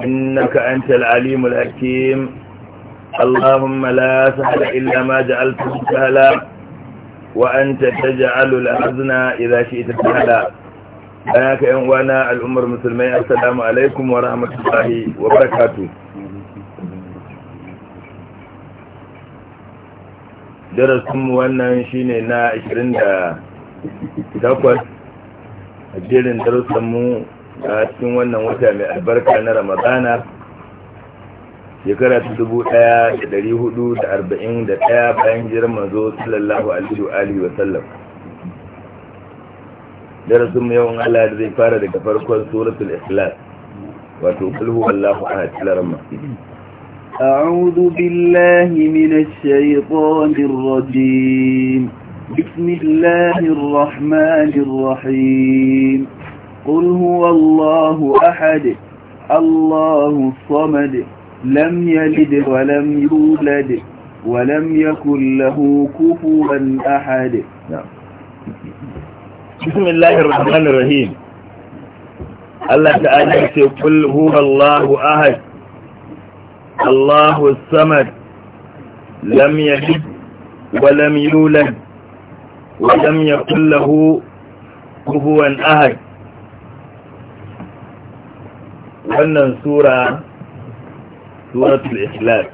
إنك أنت العليم الحكيم اللهم لا سهل إلا ما جعلته سهلا وأنت تجعل الأحزن إذا شئت سهلا أياك ينوانا الأمر المسلمين السلام عليكم ورحمة الله وبركاته darasinmu wannan shine na 28 a jerin darasinmu a cikin wannan wata mai albarka na ramadana shekara ta dubu ɗaya da dari hudu da arba'in da ɗaya bayan jiran zo sallallahu alaihi wa alihi wa sallam darasin yau in Allah zai fara daga farkon suratul ikhlas wato kul huwallahu ahad larama أعوذ بالله من الشيطان الرجيم بسم الله الرحمن الرحيم قل هو الله أحد الله الصمد لم يلد ولم يولد ولم يكن له كفوا أحد نعم. بسم الله الرحمن الرحيم الله تعالى قل هو الله أحد الله الصمد لم يلد ولم يولد ولم يكن له كفوا أحد wannan sura suratul ikhlas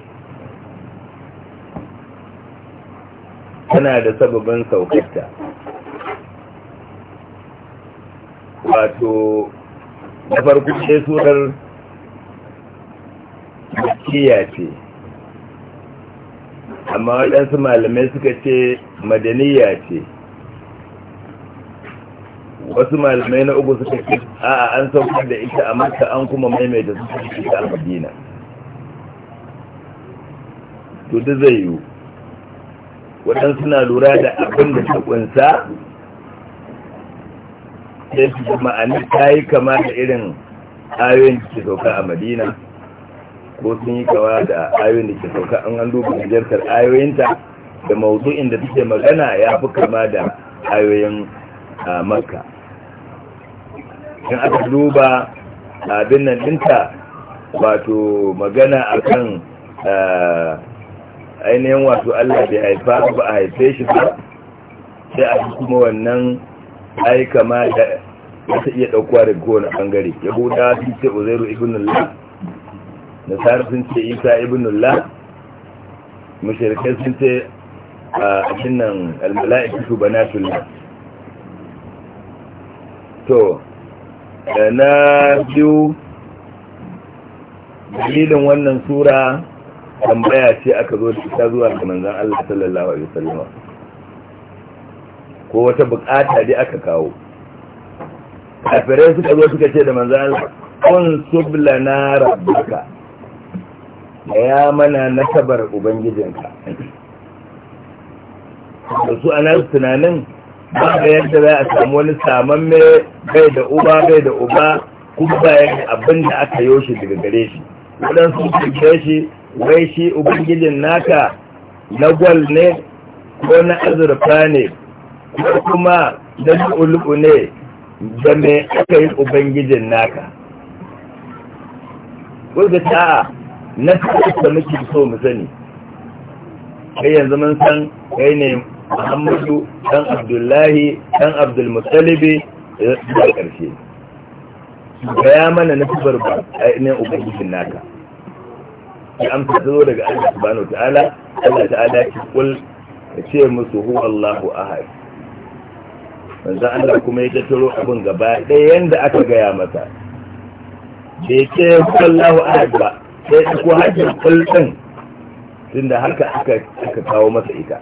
tana da sababin saukarta wato da farko ce surar makiya ce amma waɗansu malamai suka ce madaniya ce wasu malamai na uku suka ce a'a an saukar da ita a makka an kuma maimaita su ita a madina to da zai yiwu waɗansu na lura da abin da ta ƙunsa sai su ma'ani ta yi kama da irin ayoyin da ke sauka a madina ko sun yi kawa da ayoyin da ke sauka an an duba ayoyin ayoyinta da maudu'in da take magana ya fi kama da ayoyin a makka in aka duba abin nan dinta wato magana akan eh, ainihin wato Allah bai haifa ba a haife shi ba sai a kuma wannan ai kama da ta iya ɗaukuwa da kowane ɓangare buɗa sun ce uzairu ibnullah nasarar sun ce isa ibnullah mashirikai sun ce a cikin nan almala'ikatu banatullah to da na biyu dalilin wannan sura tambaya ce aka zo da ita zuwa ga manzon Allah sallallahu alaihi wasallam ko wata bukata dai aka kawo kafirai suka zo suka ce da manzon Allah kun sublana rabbaka ya mana na tabar ubangijinka da su ana tunanin ba da yadda za a samu wani saman mai bai da uba bai da uba kuma ba yadda abin da aka yi shi daga gare shi waɗansu kuke shi wai shi ubangijin naka na gwal ne ko na azurfa ne ko kuma da lu'ulu'u ne da mai aka yi ubangijin naka wadda ta'a na da muke so mu sani kai yanzu mun san kai ne muhammadu dan abdullahi dan abdulmuttalibi da ƙarshe gaya mana na sifar ba a ina ubangijin naka ya amsa zo daga allah subhanahu ta'ala allah ta'ala ki kul ka ce musu hu allahu ahad manzo allah kuma ya tattaro abin gaba ɗaya yanda aka gaya masa ya ce hu allahu ahad ba sai ku hajjin kul tunda haka aka kawo masa ita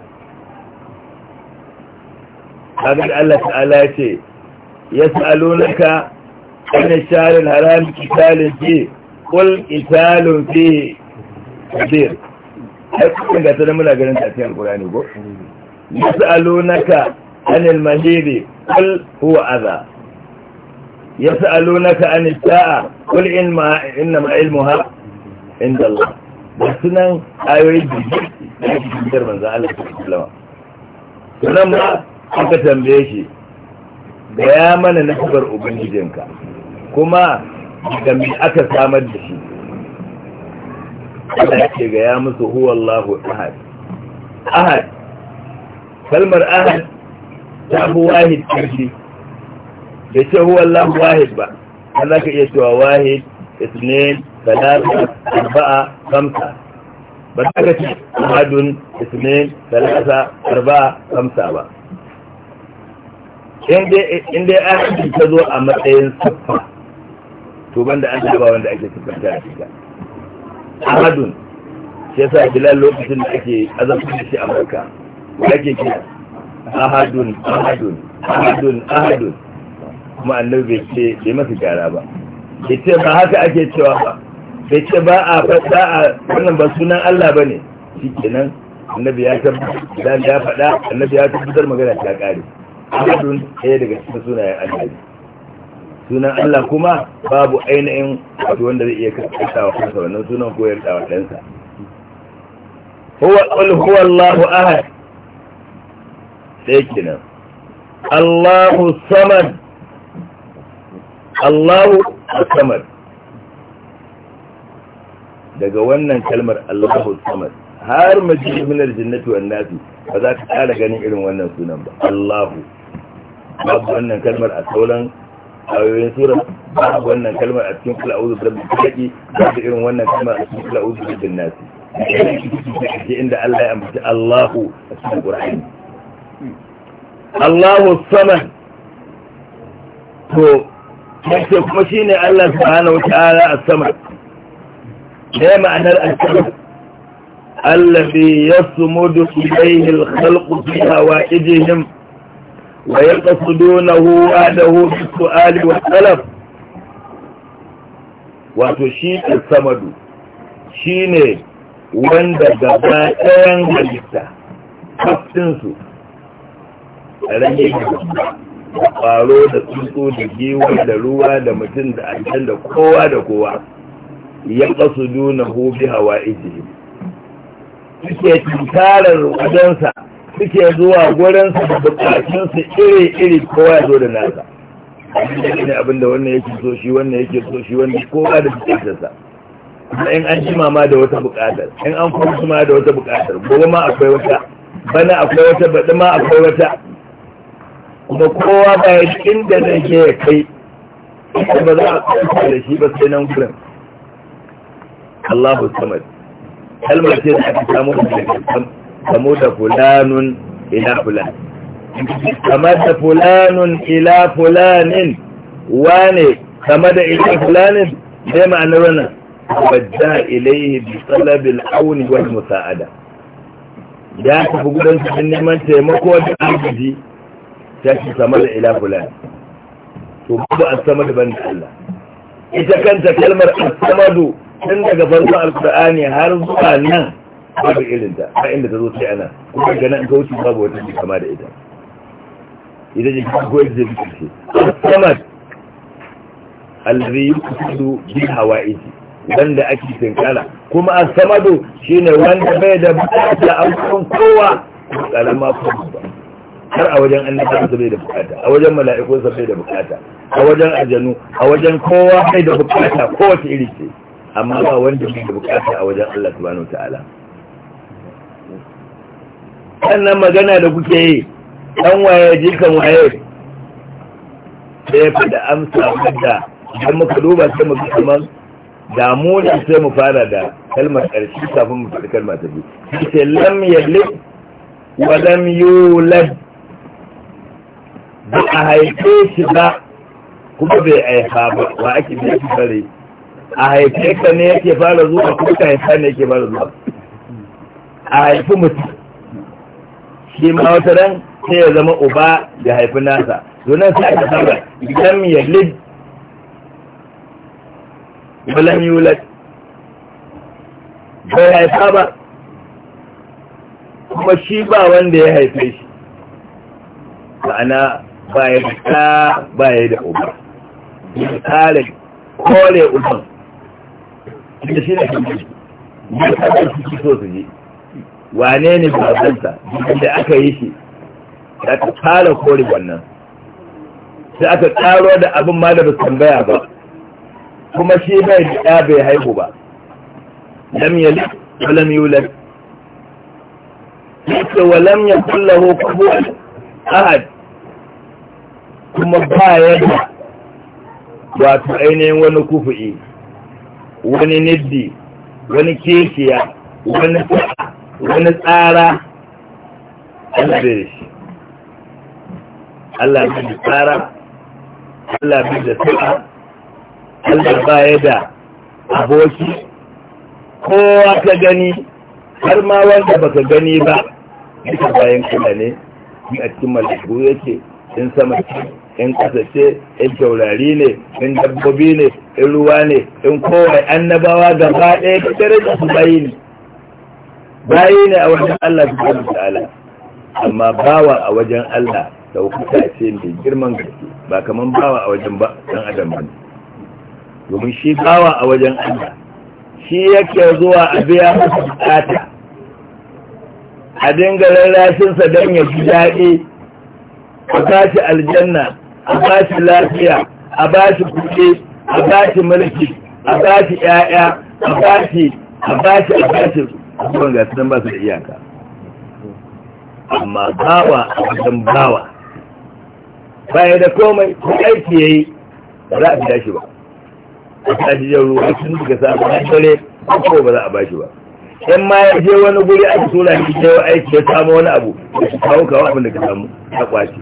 abin Allah ta'ala ce ya sa'alunaka ana sharin haram kitalin ce kul italin fi kabir ai kusan gata da muna ganin tafiyan ƙurani ko ya sa'alunaka anil mahiri kul huwa aza ya sa'alunaka anil sa'a kul inna ha inda Allah da sunan ayoyi da jirgin jirgin manzan Allah ta islama sunan ma aka tambaye shi da ya mana nasabar ubangijinka kuma da mai aka samar da shi ana yake ga ya musu huwallahu ahad ahad kalmar ahad ta fi wahid ƙarfi da ce huwallahu wahid ba ana ka iya cewa wahid isnin talata arba'a kamsa ba za ka ce ahadun isnin talata arba'a kamsa ba in dai ayanci ta zo a matsayin siffa to banda an ba wanda ake siffanta da A ahadun shi yasa bilal lokacin da ake azabtar da shi a makka wanda ake kira ahadun ahadun ahadun ahadun kuma annabi bai ce bai masa gyara ba bai ce ba haka ake cewa ba bai ce ba a fasa a wannan ba sunan Allah ba ne shi kenan annabi ya tabbatar ya faɗa annabi ya tabbatar magana ta ƙare abdun ɗaya daga cikin sunayen annabi sunan Allah kuma babu ainihin wato wanda zai iya kasa wa kansa wannan sunan ko yarda wa ɗansa huwa qul huwa Allahu ahad sai kina Allahu samad Allahu samad daga wannan kalmar Allahu samad har majlis min aljannati wannan nasi ba za ka kara ganin irin wannan sunan ba Allahu babu wannan kalmar a sauran ayoyin sura babu wannan kalmar a cikin kula auzu da baki babu irin wannan kalmar a cikin kula auzu da nasi sai inda Allah ya ambaci Allahu a cikin Qur'ani Allahu samad to kace kuma shine Allah subhanahu wa ta'ala as-samad ne ma'anar as-samad الذي يصمد إليه الخلق في هوائجهم ويقصدونه أهله بالسؤال والسلف wato shi samadu shi ne wanda gaba ɗayan halitta kaftinsu rage da ƙwaro da tsuntsu da giwa da ruwa da mutum da aljan da kowa da kowa ya ƙasu duna hobi hawa iji suke tuntarar wajensa suke zuwa su da su iri-iri kowa ya zo da nasa ne abinda wannan yake so shi wannan yake so shi wannan kowa da sa, in an jima ma da wata bukatar in an kuma ma da wata bukatar gobe ma akwai wata bana akwai wata baɗi ma akwai wata kuma kowa bayan inda zai ke ya kai inda ba za a kanta da shi ba sai nan gurin Allahu samad kalmar ce da aka samu da daga kamu da fulanun ila fulan kamar da fulanun ila fulanin wane kamar da ila fulanin zai ma'ana wannan wadda ilaihi bi talabil auni wal musa'ada ya tafi gudan cikin neman taimako da arziki ta shi sama da ila fulani to babu a samad ban da Allah ita kanta kalmar as-samadu tun daga farko alqur'ani har zuwa nan babu irinta ba inda ta zo sai ana kuma gana in ka wuce babu wata ji kama da ita idan ya kuma kawai zai fitar ce samad alri kudu bi hawa'iji wanda ake tinkala kuma a shi shine wanda bai da bukata a kan kowa kalama kuma ba har a wajen annabawa bai da bukata a wajen mala'ikunsa bai da bukata a wajen ajanu a wajen kowa bai da bukata kowace iri ce amma ba wanda bai da bukata a wajen Allah subhanahu wa ta'ala wannan magana da kuke yi ɗan waye jikan waye sai da amsa wadda idan muka duba sai muka kaman damu da sai mu fara da kalmar ƙarshe kafin mu faɗi kalmar ta bi sai lam yalid wa lam yulad ba a haife shi ba kuma bai aifa ba ba ake bai shi bare a haife ka ne yake fara zuwa Kuma ka haifa ne yake fara zuwa a haifi mutum shi ma wata ran sai ya zama uba ya haifi nasa donan sai aka saba idan ya lid balan yulad bai haifa ba kuma shi ba wanda ya haife shi ma'ana ba ya da ba ya da uba ya kare kore uban da shi da shi ne ya kada su so su je wane ne babansa da aka yi shi da ta fara kori wannan sai aka tsaro da abin ma da tambaya ba kuma shi bai da bai haihu ba lam yali wa lam yulad yake wa lam yakul lahu kufuwan ahad kuma ba yadda wato ainihin wani kufu'i wani niddi wani kishiya, wani sa'a wani tsara Allah ya shi Allah bai da tsara Allah bai da tsara Allah baya da aboki kowa ka gani har ma wanda baka gani ba duka bayan kula ne in a cikin malabu ce in sama ce in kasa ce in taurari ne in dabbobi ne in ruwa ne in kowai annabawa gaba ɗaya ka tare da su bayi ne bayi ne a wajen Allah subhanahu wataala amma bawa a wajen Allah hukuta ce mai girman gaske ba kaman bawa a wajen dan adam ba domin shi bawa a wajen Allah shi yake zuwa a biya masa bukata a dinga sa don ya ji daɗi a shi aljanna a shi lafiya a shi kuɗi a shi mulki a shi ƴaƴa a shi a shi a shi abubuwan gasu don ba su da iyaka amma bawa a wajen bawa baya da komai ko aiki ya yi ba za a fi dashi ba a tashi jan ruwa sun suka samu na dole ko ba za a bashi ba in ma ya je wani guri aka tura shi ta yau aiki ya samu wani abu ya su kawo kawo abin da ka samu ta kwace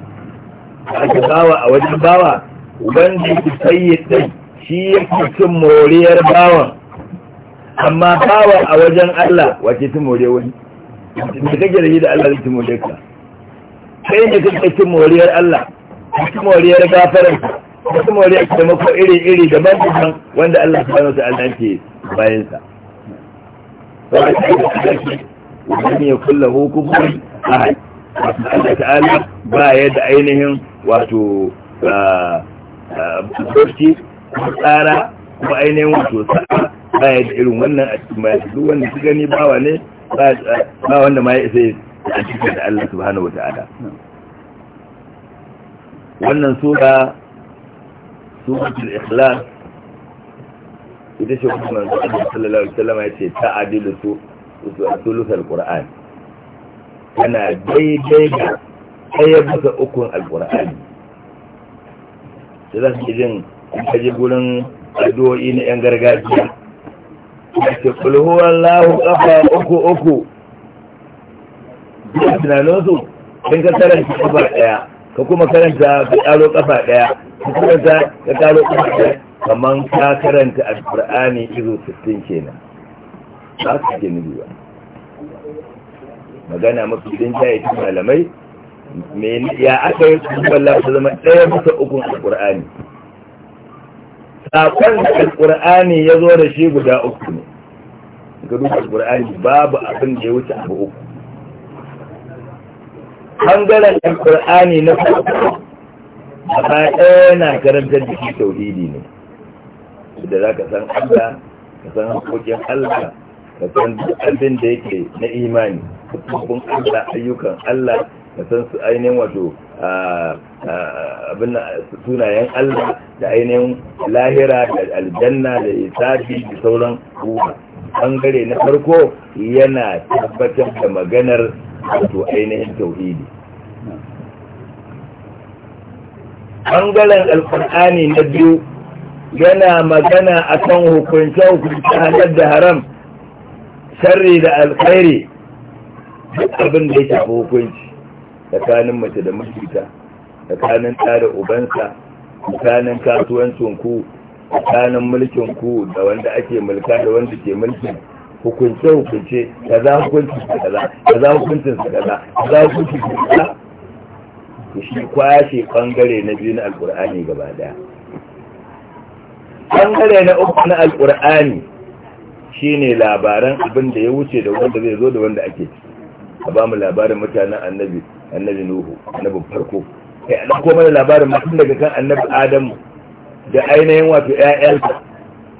aka bawa a wajen bawa wanda ya fi sayi ɗai shi ya fi cin moriyar bawan amma bawa a wajen Allah wace ta more wani da kake da shi da Allah zai ta more ka sai ne kake cin moriyar Allah cin moriyar gafarar wasu moriyar taimako iri-iri daban-daban wanda Allah subhanahu wa ta'ala ke bayan sa wa a cikin kake wani ya kulla hukumun ahad wasu Allah ta'ala ba yadda ainihin wato ah, ah, doki tsara ko ainihin wato sa'a baya da irin wannan a cikin bayan duk wanda su gani bawa ne ba wanda ma ya isa a cikin da Allah subhanahu wa ta'ala wannan sura suratul ikhlas ita ce wata manzo Allah sallallahu alaihi wasallam ya ce ta adilu su sulusul qur'an tana daidai ga ɗaya bisa ukun alqur'ani sai za su ji jin kaje gurin addu'o'i na yan gargajiya da kulhuwar lahu ƙafa uku uku biya tunaninsu in ka karanta kafa ɗaya ka kuma karanta ka ƙaro kafa ɗaya ka karanta ka ƙaro kafa ɗaya kamar ka karanta alƙur'ani izu 60 kenan ba su ke nubi ba magana mafi din jaye ta malamai ya aka yi kusurwar lafi zama ɗaya bisa ukun alƙur'ani sakon Alƙur'ani alkur'ani ya zo da shi guda uku ne ga duk alkur'ani babu abin da ya wuce abu uku ɓangaren alkur'ani na farko a ɗaya yana karantar da shi tauhidi ne da za ka san allah ka san hankokin allah ka san abin da yake na imani hukumin allah ayyukan allah san su ainihin wato abin sunayen Allah da ainihin lahira da aljanna da isabi da sauran kuma bangare na farko yana tabbatar da maganar wato ainihin tauhidi bangaren alkur'ani na biyu yana magana akan hukunce-hukunce halar da haram sharri da alkhairi duk abin da ya shafi hukunci tsakanin mace da mijinta tsakanin ɗa da ubansa tsakanin kasuwancin ku tsakanin mulkin ku da wanda ake mulka da wanda ke mulkin hukunce hukunce kaza hukuncin sa kaza kaza hukuncin sa kaza kaza hukuncin sa kaza ku shi kwashe bangare na biyu na alkur'ani gaba daya bangare na uku na alkur'ani shine labaran abin da ya wuce da wanda zai zo da wanda ake a ba mu labarin mutanen annabi annabi nuhu annabin farko kai an ko mana labarin mutum daga kan annabi adamu da ainihin wato ƴaƴansa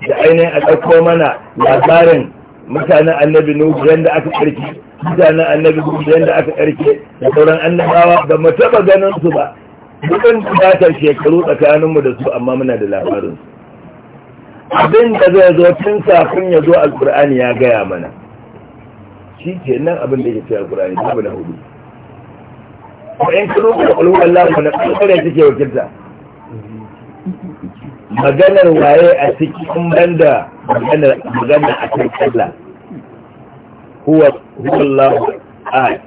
da ainihin a ɗauko mana labarin mutanen annabi nuhu yanda aka ƙarfi mutanen annabi nuhu yanda aka ƙarfi da sauran annabawa da mu taɓa ganin su ba dukkan bukatar shekaru tsakaninmu da su amma muna da labarin abin da zai zo tun safin ya zo Alƙur'ani ya gaya mana shi ke nan abin da ya ce alkur'ani babu na hudu ko in kiro da kulhuwan lafi na kare suke wakilta maganar waye a cikin banda maganar maganar a kan kalla huwa huwa Allahu ahad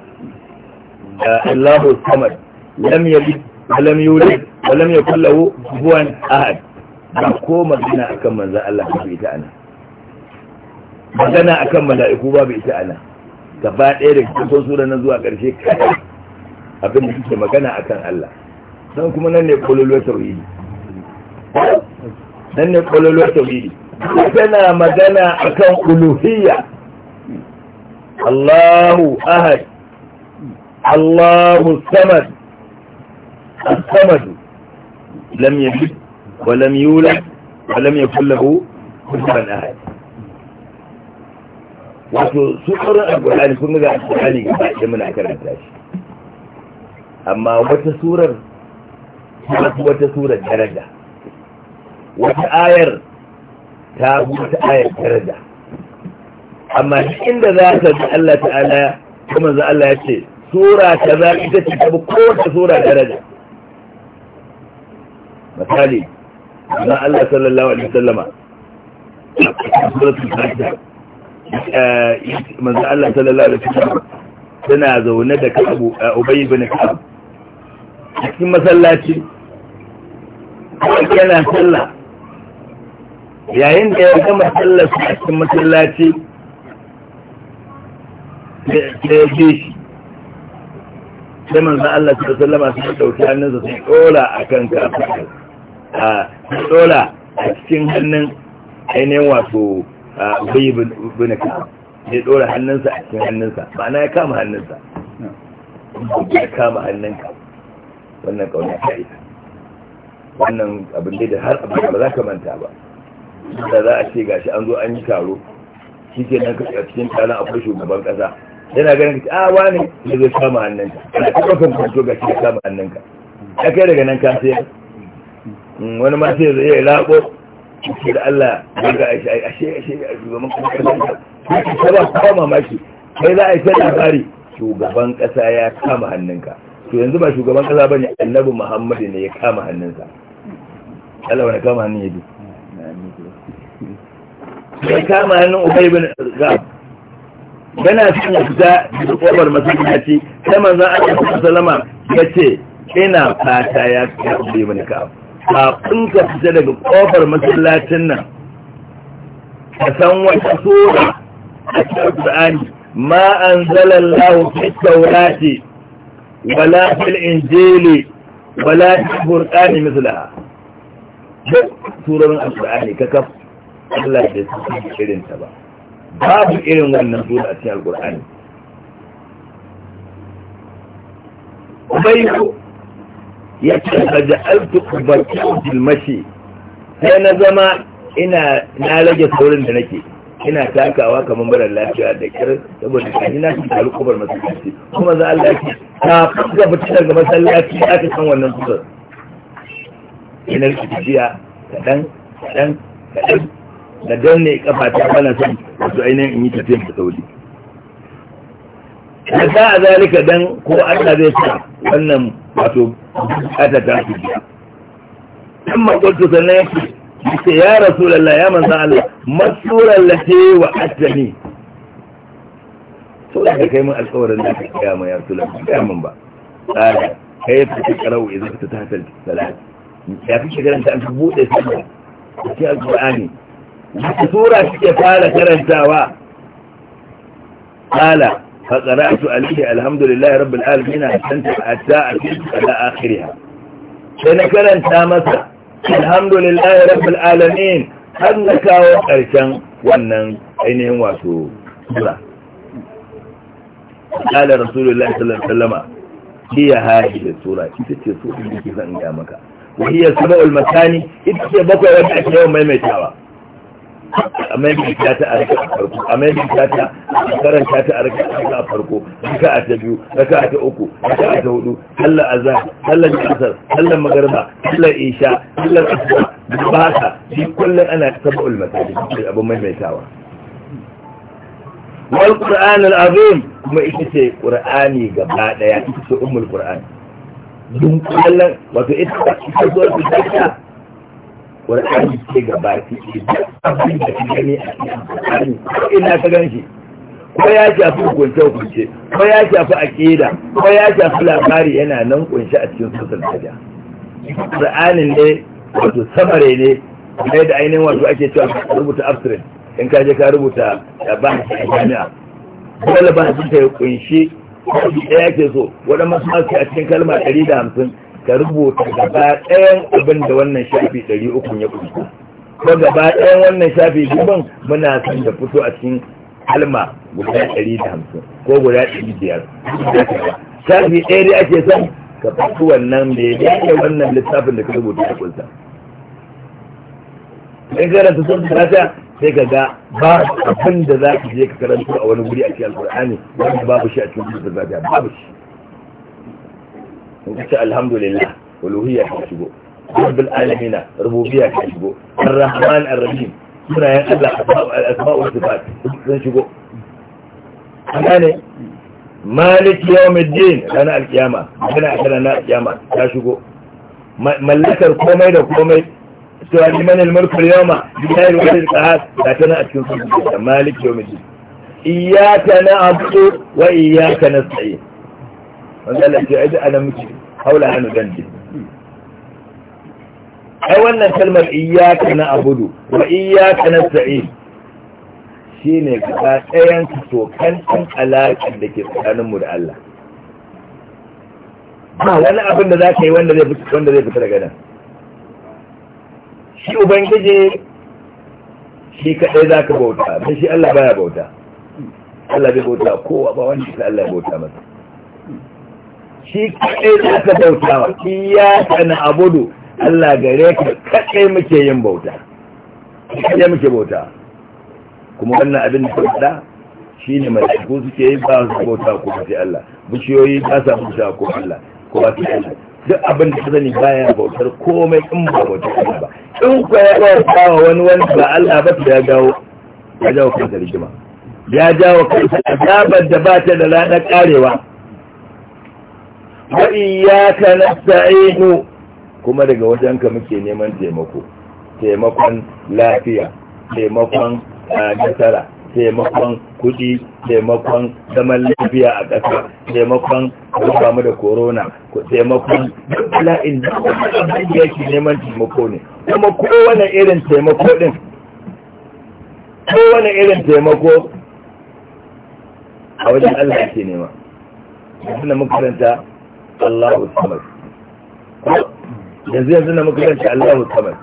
Allahu samad lam yalid ولم يولد ولم يكن له ahad احد ko magana akan manzo Allah babu ita ana magana akan mala'iku babu ita ana gaba ɗaya da kusan sura nan zuwa ƙarshe kai abin da suke magana akan Allah don kuma nan ne kololuwar nan ne magana akan uluhiyya Allahu ahad Allahu samad as-samad lam wa lam wa lam ahad wato su ƙarar alƙur'ani sun ga alƙur'ani ga muna karanta shi amma wata surar ta fi wata surar daraja wata ayar ta fi wata ayar daraja amma inda za ka ji Allah ta'ala kuma za Allah ya ce sura ta za ita ce ta fi kowace sura daraja misali na Allah sallallahu alaihi wasallama suratul fatiha manzo Allah sallallahu alaihi wasallam suna eh, zaune da Ka'ab eh, Ubay ibn Ka'ab a cikin masallaci yana sallah yayin da ya gama sallarsa a cikin masallaci da ya ce shi sai manzo Allah su sallama su dauki hannunsa su dola kan kafa a dola a cikin hannun ainihin wato bai bin ka ya dora hannunsa a cikin hannunsa ba na ya kama hannunsa ya kama hannunka wannan kauna ta yi. wannan abin da har abin ba za ka manta ba da za a ce gashi an zo an yi taro shi ke nan a cikin taron akwai shugaban kasa yana ganin ka a ah, wani ya zo kama hannunka ana taɓa kan kwanto gashi ya kama hannunka ya kai daga nan ka sayar mm, wani ma sai zai yi labo shi da Allah ya ga ashe a ashe a shugaban kasa ta ba kama mamaki kai za a yi ta labari shugaban kasa ya kama hannunka to yanzu ba shugaban kasa bane annabi muhammadu ne ya kama hannunsa Allah wani kama hannun ya bi ya kama hannun ubai bin gab yana cikin fita da kobar ta manzan ake kuma salama ya ce ina fata ya kai ubay bin gab kafin ka fita daga kofar masallacin nan ka san wata sura a cikin Qur'ani ma anzalallahu fi tawrati wala fil injili wala fil burqani mislaha duk surorin alqur'ani kakaf Allah da su irin ta ba babu irin wannan sura a cikin alqur'ani ya ce faja'altu ubayyu bil mashi sai na zama ina na rage saurin da nake ina takawa kamar mara lafiya da kirin saboda kaji na shi taru kubar masallaci kuma za a lafi ta fuska fita daga masallaci ta san wannan fuskar ina ki tafiya kaɗan kaɗan kaɗan da ne kafa ta bana son wasu ainihin in yi tafiya da sauri da za a zalika don ko Allah zai sa wannan wato bukata ta su biya. Amma kwanto na ya يقول يا رسول الله يا من قال مسؤول التي وعدتني سؤال كيما الصور اللي في القيامة يا رسول الله يا من بعد قال كيف تتكروا إذا كنت تهتل ثلاث يا في شكرا أنت أنت بوضع سنة أشياء القرآن سورة كيف قال كرن سوا قال فقرأت عليه الحمد لله رب العالمين أحسنت أتاء إلى آخرها شنكرا تامسا alhamdulillahi rabbil alamin har na kawo ƙarshen wannan ainihin wato sura qala rasulullahi sallallahu alaihi wasallama hiya hadhihi sura ita ce sura da kike san ga maka wa hiya sab'ul matani ita ce bakwai wanda ake yawan maimaitawa a maimaita ta a raka a farko a maimaita ta a karanta ta a a farko raka ta biyu a ta uku a ta sallar azan sallar sallar sallar isha sallar asuba ana maimaitawa kuma ita ce gaba ita ce wato ita ita zuwa ƙwarƙani ce ga baki abin da ka gani a cikin ƙwarƙani ina ka gan shi ko ya shafi hukunce hukunce ko ya shafi aƙida ko ya shafi labari yana nan kunshi a cikin sosan haja ƙwarƙanin ne wato samare ne mai da ainihin wato ake cewa rubuta abstract in ka je ka rubuta da ba a jami'a dole ba su ta kunshi ɗaya ke so Masu su a cikin kalma ɗari da hamsin ka rubuta gaba ɗayan abin da wannan shafi ɗari uku ya kusa ko gaba ɗayan wannan shafi dubban muna son da fito a cikin kalma guda ɗari da hamsin ko guda ɗari biyar shafi ɗaya dai ake son ka fito wannan da ya yi wannan littafin da ka rubuta a kusa in karanta sun karata sai ka ga ba abin da za ka je ka karanta a wani guri a cikin alkur'ani wanda babu shi a cikin za ka babu shi in ka ce alhamdulillah uluhiyya ta shigo rabbul alamina rububiyya ta shigo arrahman arrahim sunayen Allah asma'ul sifat sun shigo an gane malik yawmiddin ranar alkiyama kana akana na alkiyama ta shigo mallakar komai da komai cewa liman almulku yawma billahi alwahid alqahar da tana a cikin sunan malik yawmiddin iyyaka na'budu wa iyyaka nasta'in wanda Allah ce aji ana miki haula hannu dandi ai wannan kalmar iyaka na abudu wa iyaka na shine shi ne kaɗa ɗayan tokan ɗan da ke tsakaninmu da Allah ba wani abin da za ka yi wanda zai fita daga nan shi ubangiji shi kaɗai za ka bauta don shi Allah baya bauta Allah bai bauta kowa ba wanda shi Allah ya bauta masa shi kaɗai za ka bauta wa ya na abudu Allah gare ka kaɗai muke yin bauta kaɗai muke bauta kuma wannan abin da faɗa shi ne mai. Ko suke yi ba su bauta ko sai Allah bishiyoyi ba sa bauta ko Allah ko ba su Allah duk abin da ka sani baya bautar komai in ba bauta Allah ba in ku ya bauta wa wani wani ba Allah ba ya dawo ya dawo kansa rigima ya jawo kansa azabar da ba ta da ranar karewa wa iyyaka nasta'inu kuma daga wajenka muke neman taimako taimakon lafiya taimakon ah, nasara taimakon kudi taimakon zaman lafiya a ƙasa taimakon rufa mu da korona, taimakon bala'in da abin yake neman taimako ne kuma kowane irin taimako ɗin kowane irin taimako a wajen Allah ke nema yanzu na makaranta Allahu samad yanzu yanzu na muka ganci Allahu samad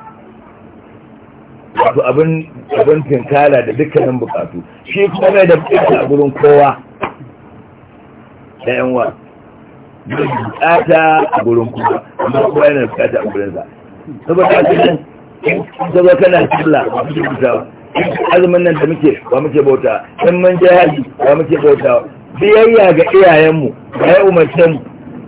wato abin abin tinkala da dukkanin bukatu shi kuma mai da fita a gurin kowa da yan wa bukata a gurin kowa amma kowa yana bukata a gurin sa saboda haka nan in ka kana sallah azumin nan da muke ba muke bauta in mun je haji muke bauta biyayya ga iyayenmu ba ya umarce mu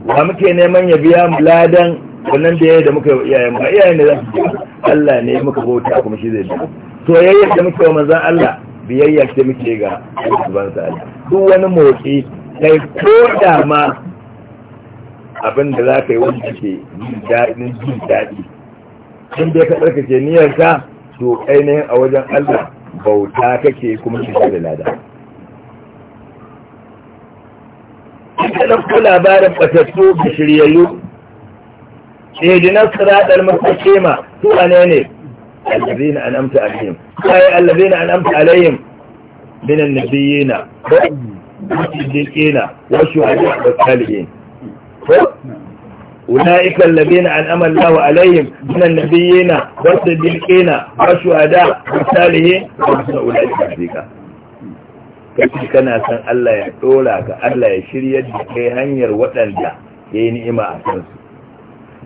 ba muke neman ya biya mu ladan wannan biyayya da muka yi wa iyayen ba iyayen ne za ji Allah ne muka bauta kuma shi zai biya soyayya da muke wa manzon Allah biyayya ce muke ga Allah ta'ala duk wani motsi kai ko da ma abin da za ka yi wani ke daɗin jin daɗi in dai ka tsarkake ka to ainihin a wajen Allah bauta kake kuma shi da lada ita ɗauko labarin batattu da shiryayyu idinar siraɗar mafashe ma su wane ne allazina an'amta alaihim kai allazina an'amta alaihim min annabiyina ko siddiqina wa shuhada wa salihin ko أولئك الذين أنعم الله عليهم من النبيين والصديقين والشهداء والصالحين وحسن أولئك رفيقا kake kana san Allah ya dora ka Allah ya shirya da kai hanyar waɗanda ya yi ni'ima a kansu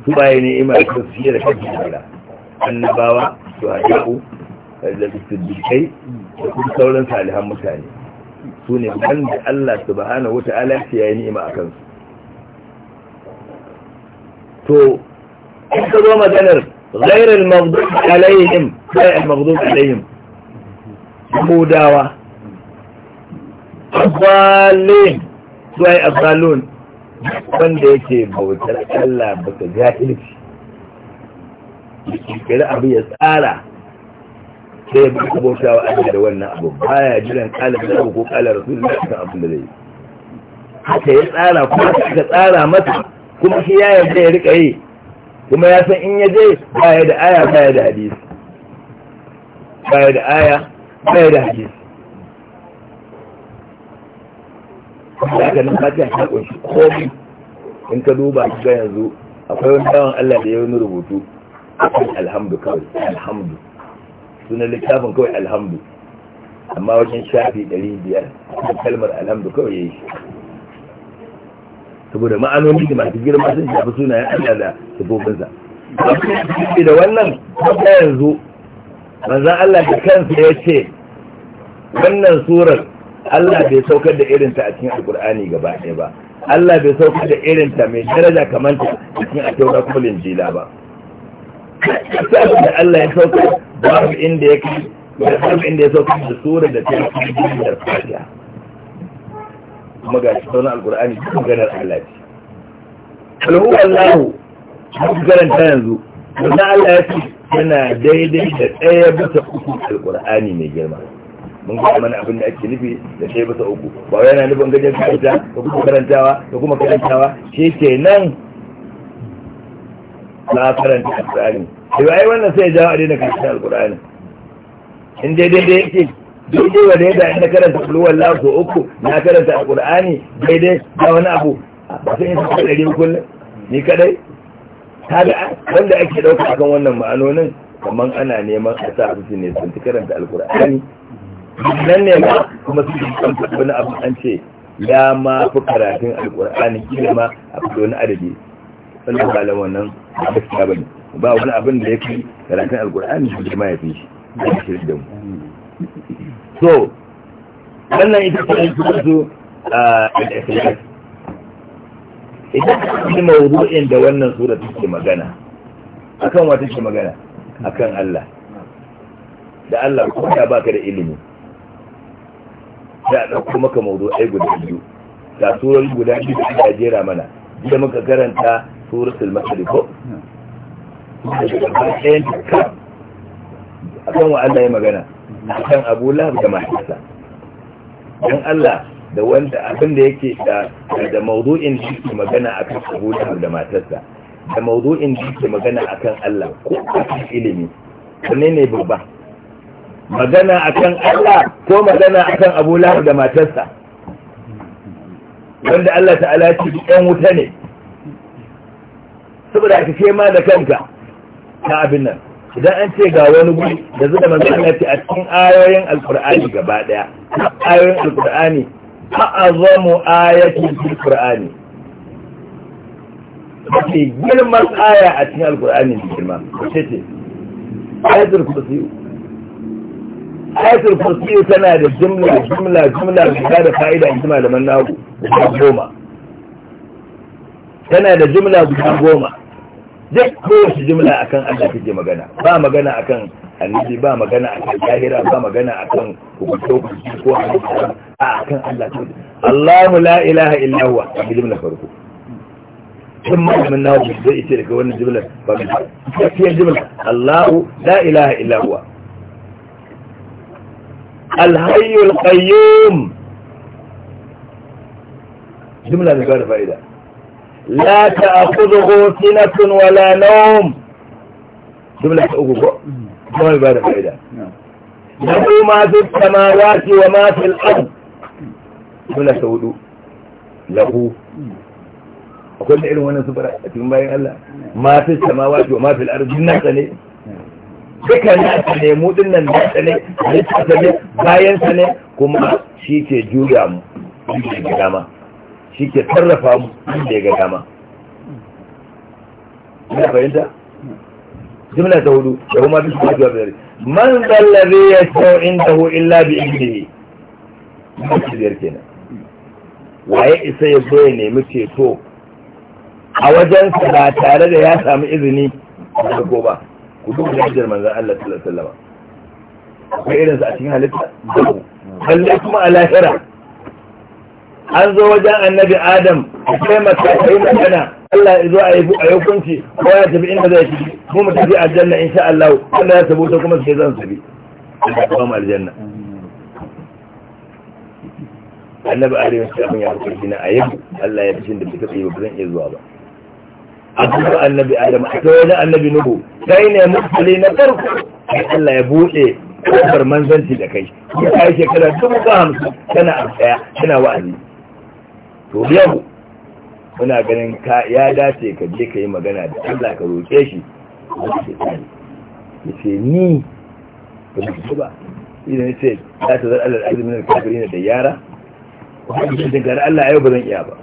su ba yi ni'ima a kansu fiye da kake jira annabawa su hajjaku da su siddiƙai da kuma sauran salihan mutane su ne da Allah su ba wata wata'ala ya yi ni'ima a kansu to in ka zo maganar غير المغضوب عليهم غير المغضوب عليهم yahudawa su ai azalun wanda yake bautar Allah baka jahilci kira abu ya tsara sai ba ku bauta wa Allah da wannan abu baya jiran kala da abu ko kala da ka abin da zai haka ya tsara kuma ka tsara masa kuma shi ya yarda ya rika yi kuma ya san in ya je baya da aya baya da hadisi baya da aya baya da hadisi haka nan fatiha ta kunshi komai in ka duba ga yanzu akwai wani bawan Allah da ya wani rubutu akan alhamdu kawai alhamdu Suna littafin kawai alhamdu amma wajen shafi 500 akan kalmar alhamdu kawai ya yi yayi saboda ma'anoni da masu girma sun shafi sunayen Allah da sabobinsa da wannan ta yanzu manzan Allah da kansa ya ce wannan surar Allah bai saukar da irinta a cikin alkur'ani gaba ɗaya ba Allah bai saukar da irinta mai daraja kamar ta a cikin attaura ko linjila ba sai da Allah ya saukar babu inda ya kai babu inda ya saukar da sura da ta yi da fatiha kuma ga shi sauran alkur'ani duk maganar Allah ce alhu Allah mun karanta yanzu wannan Allah ya ce yana daidai da ɗaya bisa uku alkur'ani mai girma mun ga mana abin da ake nufi da sai ta uku ba wai yana nufin gajen karanta da kuma karantawa da kuma karantawa shi ke nan na karanta alƙur'ani sai wai wannan sai ya jawo a daina karanta alƙur'ani in dai daidai yake daidai wa daidai in na karanta kulwar lafi uku na karanta alƙur'ani daidai da wani abu ba sai in sa ɗari kullum ni kadai kaga wanda ake ɗauka akan wannan ma'anonin kamar ana neman a sa su ne sun karanta alƙur'ani nan ne ma kuma su ji kan wani abu an ce ya ma fi karatun alƙur'ani kila ma a fito wani adadi sannan malam wannan ba bane ba wani abin da ya fi karatun alƙur'ani su ji ma ya fi shi da shi da mu so wannan ita ce kuma zo a al-ikhlas idan ka ji da wannan sura ke magana akan wata ke magana akan Allah da Allah ko da baka da ilimi sai a ɗauko maka ai guda biyu ga surar guda biyu da aka jera mana da muka karanta suratul masri ko a kan akan wa Allah ya magana akan Abu Lahab da mahaifiyarsa don Allah da wanda abin da yake da mawudu'in mawdu'in da yake magana kan Abu Lahab da matarsa da mawudu'in da yake magana a kan Allah ko a kan ilimi wanne ne babba magana akan Allah ko magana akan Abu Lahab da matarsa wanda Allah ta'ala ce ɗan wuta ne saboda aka ce ma da kanka ta abin nan idan an ce ga wani guri da zuwa manzo Allah ce a cikin ayoyin alkur'ani gaba daya ayoyin alkur'ani a'azamu ayatin fil qur'ani mafi girman aya a cikin alkur'ani girma ce ce ayatul kursi ayatul kursi tana da jimla jimla jimla guda da fa'ida in ji malaman nahu goma tana da jimla guda goma duk kowace jimla akan Allah take magana ba magana akan annabi ba magana akan tahira ba magana akan hukunci ko a akan Allah take Allahu la ilaha illa huwa a jimla farko kin malamin nahu zai ce daga wannan jumla ba ga jimla Allahu la ilaha illa huwa alhayyul qayyum jumla mai kawai fa'ida la ta'khudhuhu sinatun wala nawm jumla ta uku ko kawai ba da fa'ida lahu ma fi samawati wa ma fi al-ard jumla ta hudu lahu akwai da irin wannan sufura a cikin bayan Allah ma sama samawati wa ma fi al-ard jinna ne duka nasa ne mu dinnan nasa ne halittarsa ne bayansa ne kuma shi ke juya mu inda ga dama shi ke sarrafa mu inda ga dama ina fahimta jimla ta hudu da kuma bisu ba juwa biyar man tsallabe ya sau inda hu illa bi ba shi biyar kenan waye isa ya zo ya nemi ceto a wajensa ba tare da ya samu izini da ko ba ku duk da hajjar manzan Allah sallallahu alaihi akwai irin sa a cikin halitta babu balle kuma a lahira an zo wajen annabi adam mata a yi magana Allah ya zo a yi a hukunci ko ya tafi inda zai shi ko mu tafi aljanna insha Allah Allah ya ta kuma sai zan tafi da kuma mu aljanna annabi adam ya ce abin ya hukunci na ayyuka Allah ya fi shin da bai taɓa yi ba zan iya zuwa ba a duka annabi adam a ta na annabi nuhu sai ne mutane na farko a Allah ya buɗe kofar manzanci da kai ya kai shekara dubu ba hamsin tana a tsaya tana wa'azi to yau muna ganin ya dace ka je ka yi magana da Allah ka roƙe shi wani shekari ya ce ni ba su ba idan ya ce za ta zar Allah da azumin kafirin da yara wani shekara Allah yi ba zan iya ba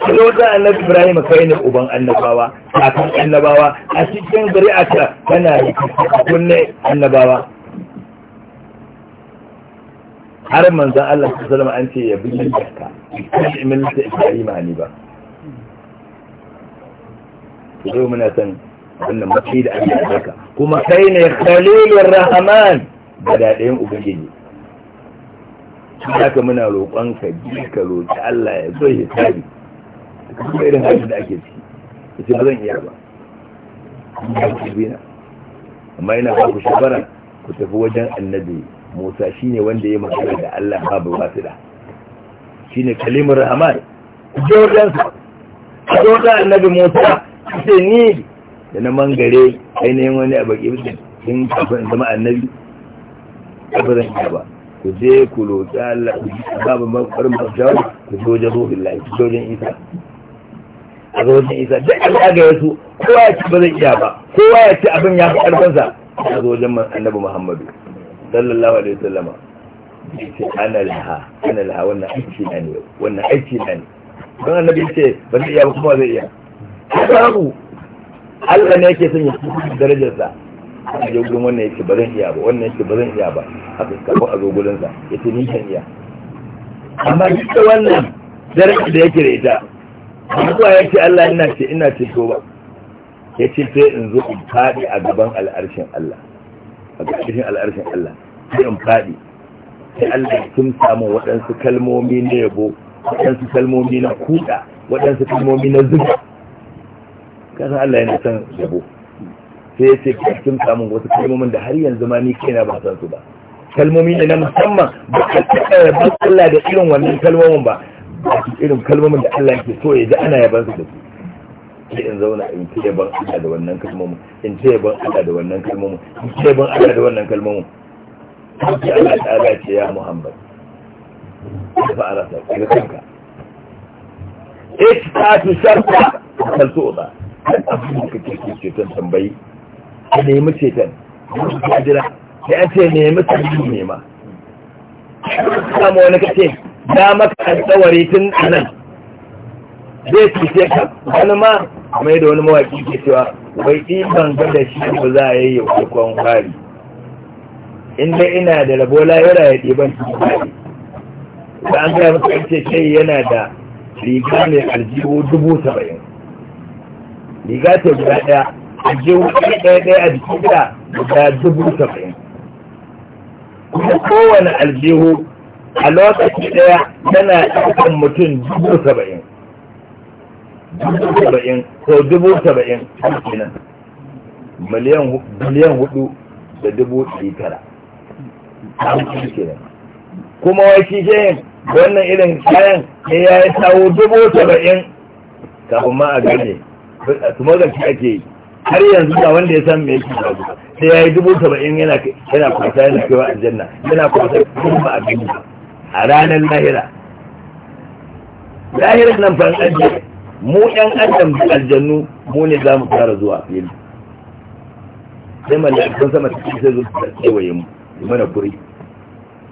a lokacin annabi ibrahim kai ne uban annabawa kakan annabawa a cikin a zuri'ata tana da kunne annabawa har manzan Allah su salama an ce ya biyu ka kashi milita ibrahim ne ba ku zo muna san wannan mafi da ake haka kuma kai ne khalilur rahman da daɗayin ubangiji haka muna roƙon ka ji ka roƙi Allah ya zo ya hisabi kuma irin halin da ake ciki ya ce ba zan iya ba ya ce bina amma yana ba ku shawara ku tafi wajen annabi musa shi ne wanda ya magana da allah babu Shi ne kalimar rahman jordansa a jordan annabi musa ce ni da na mangare ainihin wani abu ibsin in kafin zama annabi kafirin ya ba ku je ku roƙi allah ku ji babin bakwar masu ku je wajen ruhin lafi wajen isa a ga wajen isa duk an zagaye su kowa ya ci ba zai iya ba kowa ya ci abin ya fi ƙarfinsa a ga wajen annabi muhammadu sallallahu alaihi wasallama ce ana laha ana laha wannan aiki na ne wannan aiki na ne don annabi ce ba zai iya ba kuma zai iya babu Allah ne yake son ya fi darajarsa a jirgin wannan yake ba zan iya ba wannan yake ba zan iya ba haka kafin a zo gurinsa ya ce ni kan iya amma duk da wannan darajar da yake da ita ba ya ce Allah ina ce ina ce to ba ya ce sai in zo in faɗi a gaban al'arshin Allah a ƙarshen al'arshin Allah sai in faɗi sai Allah ya sun samu waɗansu kalmomi na yabo waɗansu kalmomi na kuɗa waɗansu kalmomi na zuba kasan Allah yana son yabo sai ya ce ka sun samu wasu kalmomin da har yanzu ma ni kaina ba san su ba kalmomi ne na musamman ba a taɓa Allah da irin wannan kalmomin ba a irin kalmomin da Allah yake so ya ji ana yaban su da su sai in zauna in ce yaban Allah da wannan kalmomin in ce yaban Allah da wannan kalmomin in ce yaban Allah da wannan kalmomin sai Allah ta ta'ala ce ya Muhammad ka fa'ala ta kaga kanka istatu sharta kal tuba abin da kake ke ceton tambayi ka nemi ceton ka jira sai an ce nemi ma. nema samu wani kace da maka alƙawari tun anan zai cuce ka wani ma mai da wani mawaƙi ke cewa bai ban ga da shi ba za a yi yau farkon fari inda ina da rabo layura ya ɗiban tun fari da an gaya masa ce kai yana da riga mai aljihu dubu saba'in riga ta guda ɗaya aljihu ɗaya ɗaya a jikin da guda dubu saba'in kuma kowane aljihu a lokaci ɗaya tana ɗaukan mutum dubu saba'in dubu saba'in ko dubu saba'in kenan miliyan hudu da dubu ɗari tara kuma wai shi ke wannan irin kayan ne ya yi sawo dubu saba'in kafin ma a gane su mazanci ake yi har yanzu da wanda ya san mai shiga faru sai ya yi dubu saba'in yana kwasa yana kewa janna, yana kwasa kuma a gani a ranar lahira lahirar nan fa an mu ɗan adam da aljannu mu ne za mu fara zuwa fili sai mala'ikun sama ta sai zuwa ta kewaye mu mana kuri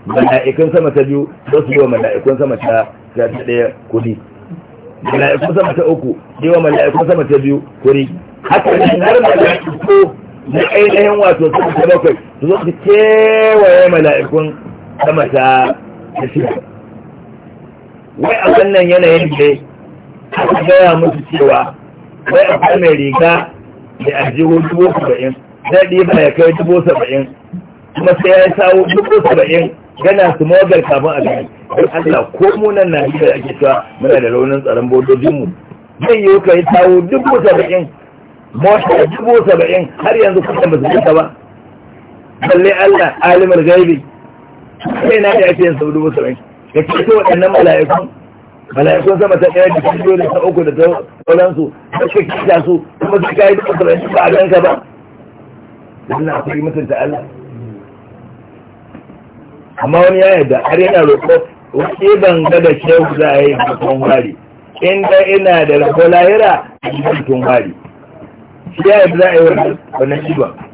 mala'ikun sama ta biyu za su yi wa mala'ikun sama ta ɗaya kuri mala'ikun sama ta uku yi wa mala'ikun sama ta biyu kuri haka ne har mala'iku na ainihin wato sama ta bakwai su zo su kewaye mala'ikun sama ta da wai a wannan yanayin da aka gaya musu cewa wai a mai riga da ajiyo dubu saba'in daɗi ba ya kai dubu saba'in kuma sai ya yi sawo dubu saba'in gana su mawagar kafin a gani don allah ko munan na da ake cewa muna da raunin tsaron bodojinmu zai yi ka yi sawo dubu saba'in mota dubu saba'in har yanzu kusan ba su ba balle allah alimar gaibi sai na da ake yin sau dubu saba'in ya ce ta waɗannan malayakun mala'ikun sama ta ɗaya da biyu da ta uku da ta sauransu ta ce kita su kuma ta kayi dubu saba'in ba a ganka ba wannan akwai mutunta Allah amma wani ya yarda har yana roƙo wani ban ga da shehu za a yi bakon wari inda ina da rabo lahira a yi bakon wari shi ya yarda za a yi wannan ibon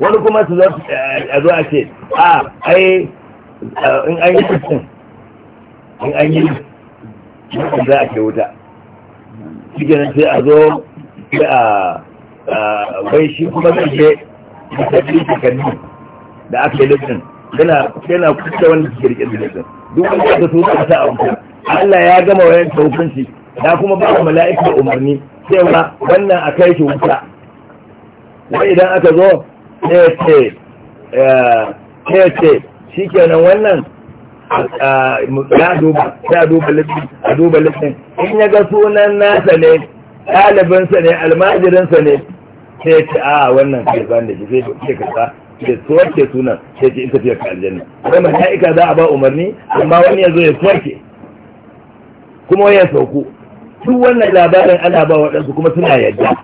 wani kuma su eh, zo a ce a ai eh, in an yi kristin in an yi kristin za a ke wuta shi nan sai a zo sai a bai shi kuma zai je misali shekarni da aka yi listin yana kusa wanda su rike da listin duk wani aka su ka sa a wuta Allah ya gama wayan hukunci ya kuma ba wa mala'ikar umarni cewa wannan a kai shi wuta wai idan aka zo sai ce shi kenan wannan ya duba ya duba lissin duba in ya ga sunan nasa ne ɗalibinsa ne almajirinsa ne sai ce a wannan kai ban da shi sai kasa sa ke tsorke sunan sai ce in tafiyar ka aljanna wai mala'ika za a ba umarni amma wani ya zo ya tsorke kuma ya sauku duk wannan labarin ana ba waɗansu kuma suna yadda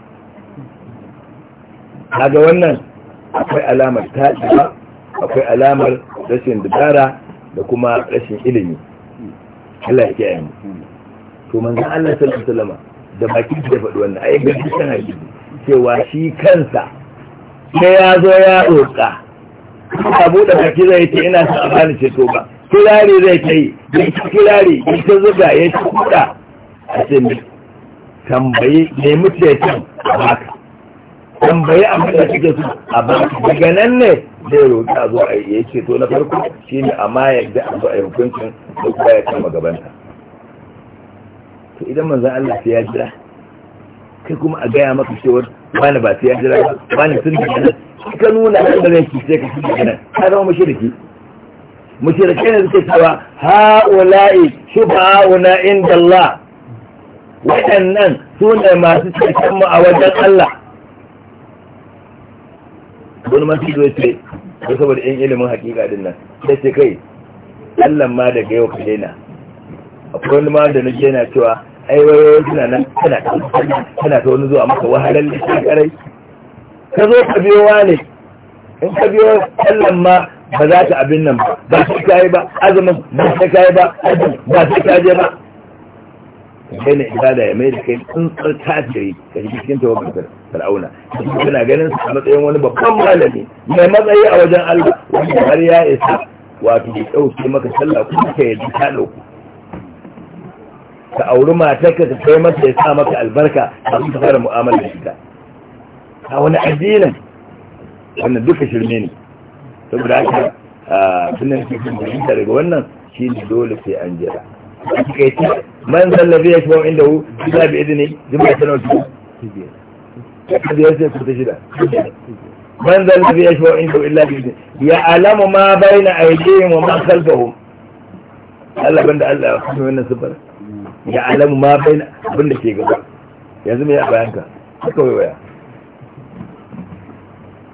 kaga wannan akwai alamar taɗiwa, akwai alamar rashin dubara da kuma rashin ilimi Allah ya ke mu to manzo Allah sallallahu alaihi wasallam da baki da faɗi wannan ai ga dukkan hadisi cewa shi kansa sai ya zo ya roƙa ka buɗe baki zai ce ina son a bani ceto ba kirari zai kai, da ya ci kirari ya ta zuga ya ci kuɗa a ce tambayi nemi ceton a baka tambayi a da kike su a banki daga nan ne zai roƙi a zo a yi ce to na farko ne amma ya yadda a zo a yi hukuncin da kuma ya kama gabanta to idan manzan Allah sai ya jira kai kuma a gaya maka cewar wani ba sai ya jira ba wani sun da nan ka nuna an da zai sai ka shiga nan ka zama mushriki mushrikai ne suke cewa ha'ula'i shubha'una inda Allah waɗannan su ne masu cikin mu a wajen Allah wani masu zo ce ko saboda yan ilimin hakika din nan sai ce kai allan ma daga yau ka daina akwai wani ma da nake yana cewa ai wayoyin suna nan tana tana ta wani zuwa maka wahalar da shi karai ka zo ka biyo wani, in ka biyo allan ma ba za ta abin nan ba ba sai ka yi ba azumin ba sai ka yi ba ba sai ka je ba daina ibada ya mai da kai tsuntsar ta da shi cikin tawagar fir'auna suna ganin su a matsayin wani babban malami mai matsayi a wajen Allah wanda har ya isa wato ya ɗauke maka sallah kuma ka yadda ta ɗauku ka auri matarka ka kai masa ya sa maka albarka a su fara mu'amala da shiga a wani addinin wannan duka shirme ne saboda haka a sunan cikin fahimta daga wannan shi ne dole sai an jira a takaice man zallabi ya shiwa inda hu ila bi idini jima ta nauti ta biyar sai ku ta shida man zallabi ya shiwa inda hu illa bi idini ya alamu ma bai na aidihim wa ma kalfahum Allah banda Allah ya kuma wannan sifar ya alamu ma bai na abin da ke gaba yanzu mai a bayanka haka waya.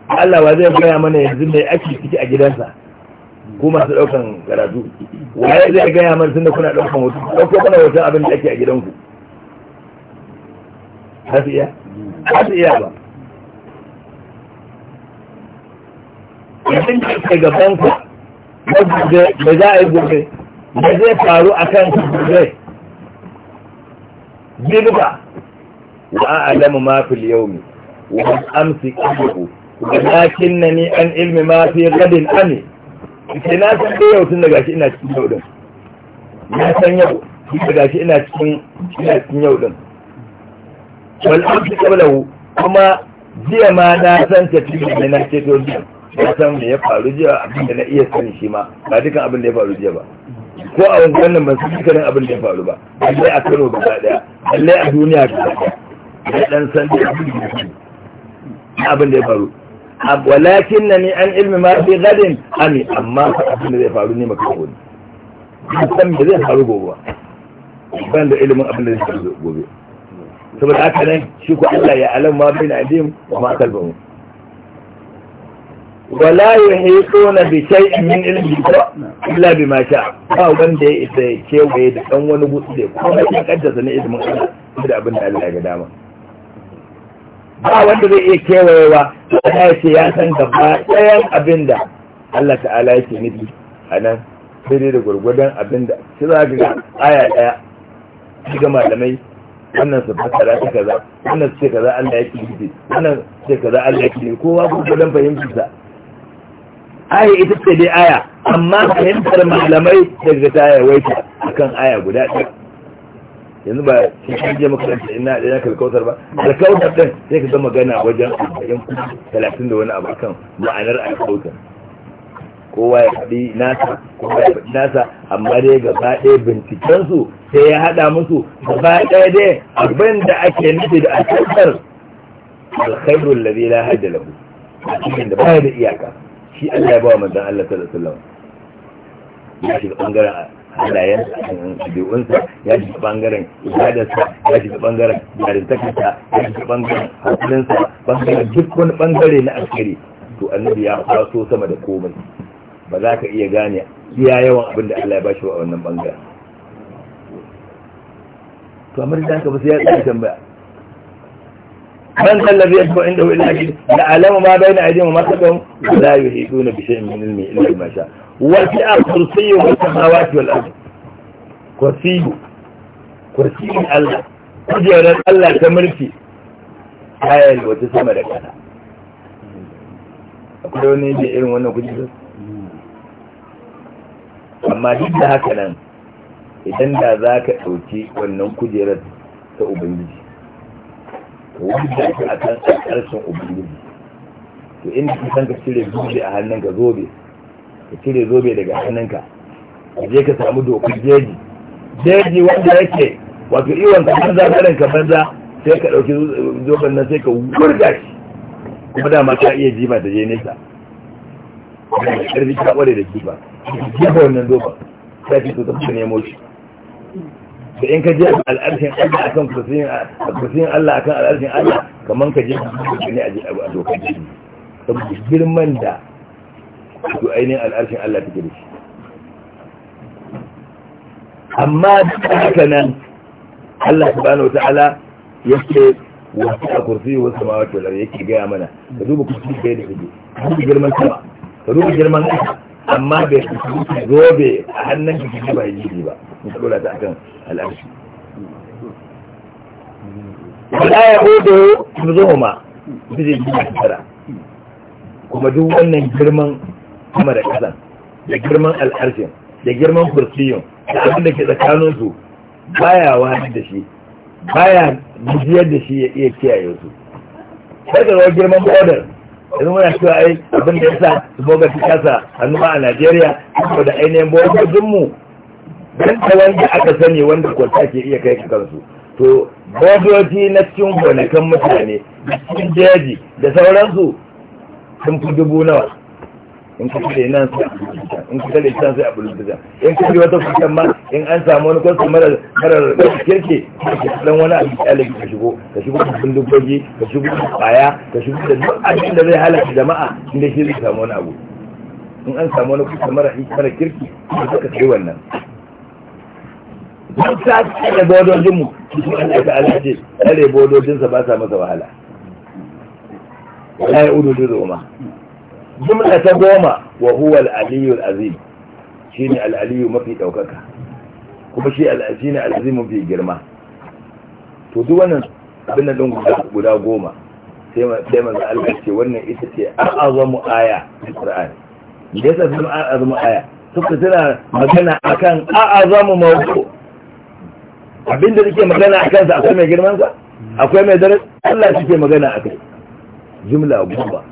Allah ba zai gaya mana yanzu mai ake ciki a gidansa ko masu daukan karatu waye zai gaya mana tunda kuna daukan hoto dauko kuna hoton abin da ake a gidanku har iya har iya ba idan ka ga gaban ku da za a yi gobe da zai faru a kan gobe girba wa alamu ma fil yaumi wa amsi qulu walakin ni an ilmi ma fi ghadin ami sai na san ɗaya yau tun daga shi ina cikin yau din na san yau tun daga shi ina cikin ina cikin yau din wal amsi qablahu kuma jiya ma na san tafiya ne na ce to jiya na san me ya faru jiya abin da na iya sani shi ma ba dukan abin da ya faru jiya ba ko a wannan ban san dukkanin abin da ya faru ba lallai a Kano gaba daya lallai a duniya gaba daya dan san da abin da ya faru walakin na ni an ilmi ma fi gadin ami amma fa abin da zai faru ne maka gobe san da zai faru gobe ba. ban da ilimin abin da zai faru gobe saboda haka nan shi ko Allah ya alam ma bin adim wa ma kalbamu wala yuhituna bi shay'in min ilmi illa bima sha ba wanda ya isa ya kewaye da dan wani gutsu da kuma ya kaddasa ne ilimin Allah da abin da Allah ya ga dama ba wanda zai iya kewayewa Allah ya ce ya san gaba ɗayan abin da Allah ta'ala yake nufi a nan sai dai da gwargwadon abin da shi za ga aya ɗaya shi ga malamai wannan su fassara ta kaza wannan su ce kaza Allah yake nufi wannan su ce kaza Allah yake nufi kowa gwargwadon fahimtarsa aya ita ce dai aya amma fahimtar malamai daga ta yawaita akan aya guda ɗaya yanzu ba shi kan je makaranta ina da zaka kautar ba Da kautar din sai ka zama gana wajen arba'in talatin da wani abu akan ma'anar kautar kowa ya faɗi nasa kowa ya faɗi nasa amma dai gaba ɗaya bincikensu sai ya haɗa musu gaba ɗaya dai abin da ake nufi da alkautar alkhairun lazi la hajja lahu a cikin da baya da iyaka shi Allah ya ba wa dan Allah sallallahu alaihi wasallam ya shiga bangaren halayen ɗabi'unsa ya shiga ɓangaren ibadarsa ya shiga ɓangaren yarintakarsa ya shiga ɓangaren hakulinsa bangaren duk wani ɓangare na askari to annabi ya so sama da komai ba za ka iya gane iya yawan abin da Allah ya bashi wa wannan ɓangaren to amma da haka ba sai ya tsaya tambaya من inda wani يشفع عنده alama ma يعلم ما بين أيديهم وما خلفهم yi يحيطون بشيء من علمه إلا ma sha. وفي a والسماوات والأرض كرسي كرسي الله kursiyu الله Allah هاي Allah ta أنا أقولوني wata sama da irin wannan amma duk da haka nan idan da za ka ɗauki wannan kujerar ta ubangiji ka wuce a kan ubangiji to inda kusan ka cire buɗe a hannun ga zobe ka cire zobe daga hannunka ka je ka samu dokar jeji jeji wanda yake wato iwon ka banza ka banza sai ka ɗauki zoben nan sai ka wurga shi kuma dama ka iya jima da je nesa karfi ta da jiba jiba wannan zoben Ta fi so ta nemo shi da in ka je al'arshin Allah akan kursiyin Allah akan al'arshin Allah kamar ka je a dokar jini saboda girman da to ainihin al'arshin Allah take da shi amma da haka nan Allah subhanahu wataala yake wasu a kursi wasu ma wata ya yake gaya mana ka duba kursi kai da kuje ka duba girman sama ka duba girman ƙasa amma bai kusa zobe a hannun ka kuje ba yi ba in ka dora ta akan al'arshi wala ya hudu zuwa ma zai ta tara kuma duk wannan girman Kuma da ƙasa da girman al'arshin da girman kursiyon da abin da ke tsakaninsu baya wani da shi baya gujiyar da shi ya iya kiyaye su sarkarwar girman bodar yanzu muna cewa ai abin da ya sa su boga su kasa hannu a najeriya ko da ainihin bodojinmu don ta wanda aka sani wanda kwanta ke iya kai kansu to bodoji na cikin gonakan mutane da cikin jeji da sauransu sun fi dubu nawa in ka cire nan sai a bulbuza in ka cire can sai a bulbuza in ka cire wata kusan ma in an samu wani kwasu mara marar kirki ka dan wani abin kyalin ka shigo ka shigo da bindigogi ka shigo da kwaya ka shigo da duk abin da zai halaka jama'a da shi zai samu wani abu in an samu wani kusan mara kirki ka saka kai wannan duk ta tsare bodojinmu su Allah ta ala ce tsare bodojinsa ba sa masa wahala ya yi udu da roma jumla ta goma wa huwa al-aliyyul Shi ne al-aliyyu mafi ɗaukaka, kuma shi al-azim al mafi girma to duk wannan abin nan guda goma sai manzo Allah ce wannan ita ce a'azamu aya a Qur'ani me yasa sun a'azamu aya suka tana magana akan a'azamu mawdu abinda take magana akan sa akwai mai girmansa, akwai mai daraja Allah shi ke magana akai jumla goma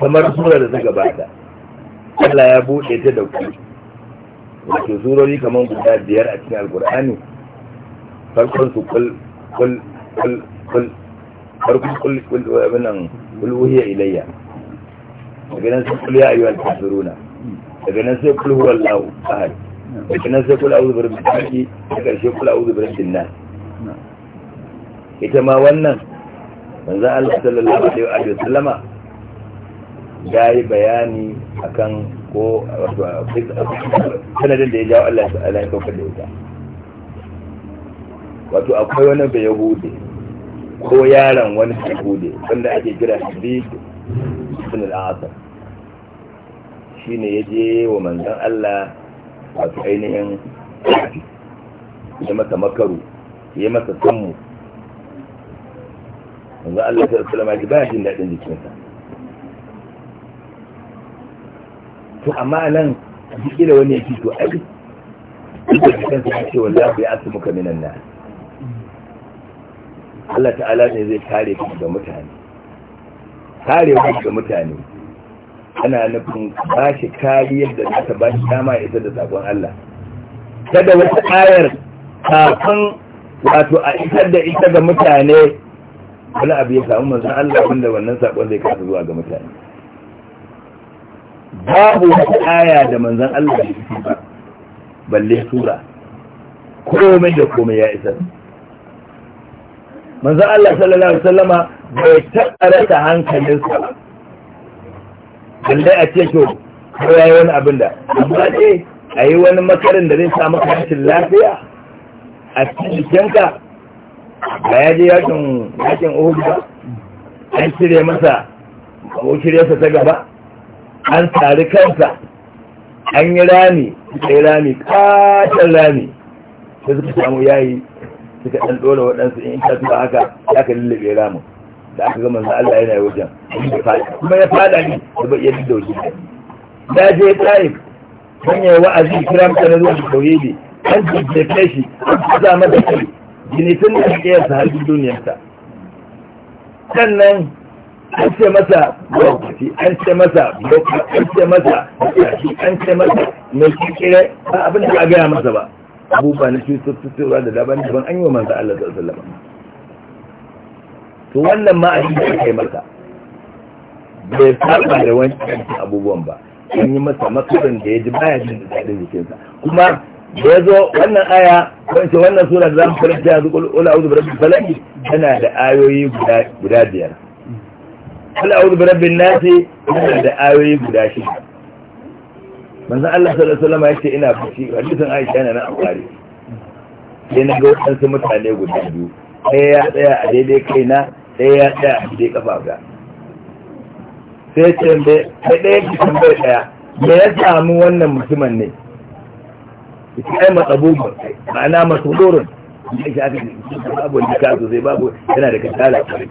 kamar sura da ta gabata Allah ya buɗe ta da ku wato surori kamar guda biyar a cikin alkur'ani farkon su kul kul kul kul farkon kul kul wannan kul ilayya daga nan sai kulwuhiya ya ta suruna, daga nan sai kul huwallahu ahad daga nan sai kulwuhiya zubar da falaq da karshe kulwuhiya zubar da nas ita ma wannan manzo Allah sallallahu alaihi wa sallama ya yi bayani akan ko sanadin da ya jawo Allah su ala ya kaukar da ita wato akwai wani bai yahude ko yaron wani yahude wanda ake kira habib ibn al Shi shine ya je wa manzon Allah wato ainihin ya masa makaru ya masa sammu manzon Allah sallallahu alaihi wasallam ya ji ba jin daɗin jikinsa to amma nan jiki da wani yake to ai Duk da kansa ya ce wallahi ya asu muka minan nan Allah ta'ala ne zai kare ku ga mutane kare ku ga mutane ana nufin ba shi kariyar da za ta ba shi dama ita da sakon Allah kada wata ayar kafin wato a isar da ita ga mutane wani abu ya samu manzan Allah wanda wannan sakon zai kasa zuwa ga mutane babu wata aya da manzan Allah ya fi ba balle tura komai da komai ya isa manzan Allah sallallahu alaihi wasallama bai taɓa ta hankalinsa ba balle a ce to ya yi wani abin da amma ce a yi wani makarin da zai samu kashin lafiya a cikinka ba ya je yakin yakin uhud ba an cire masa ko cire sa ta gaba an sari kansa an yi rami sai rami kacin rami ta suka samu yayi suka ɗan ɗora waɗansu in ta tuba haka ya ka lullube ramin da aka gama za Allah yana wajen kuma ya fada ne da bai yadda da wajen da je tsaye hanya wa'azi kira mutane na zuwa da ne. an jirgin shi an kusa masa kai tun da ke yasa har duniyarsa sannan an ce masa lokaci an ce masa lokaci an ce masa lokaci an ce masa mai kikire ba abin da a gaya masa ba abubuwa na cututtuka da daban daban an yi wa manzo Allah sallallahu alaihi wasallam to wannan ma a yi da kai masa bai saba da wancan abubuwan ba an yi masa matsalan da ya ji baya jin daɗin jikinsa kuma da ya zo wannan aya wancan wannan sura da za mu karanta yanzu kul a'udhu bi rabbil falaq da ayoyi guda biyar al'audu bi rabbin nasi yana da ayoyi guda shi manzan Allah sallallahu alaihi wasallam yace ina fushi hadisun Aisha yana nan amfani sai na ga wadansu mutane guda biyu ɗaya ya tsaya a daidai kaina ɗaya ya tsaya a daidai ga sai ce ɗaya ki tambayar ɗaya me ya samu wannan mutumin ne ita ai matsabubu ma'ana masu dorin da shi aka abun da ka sosai babu yana da kasala kwarai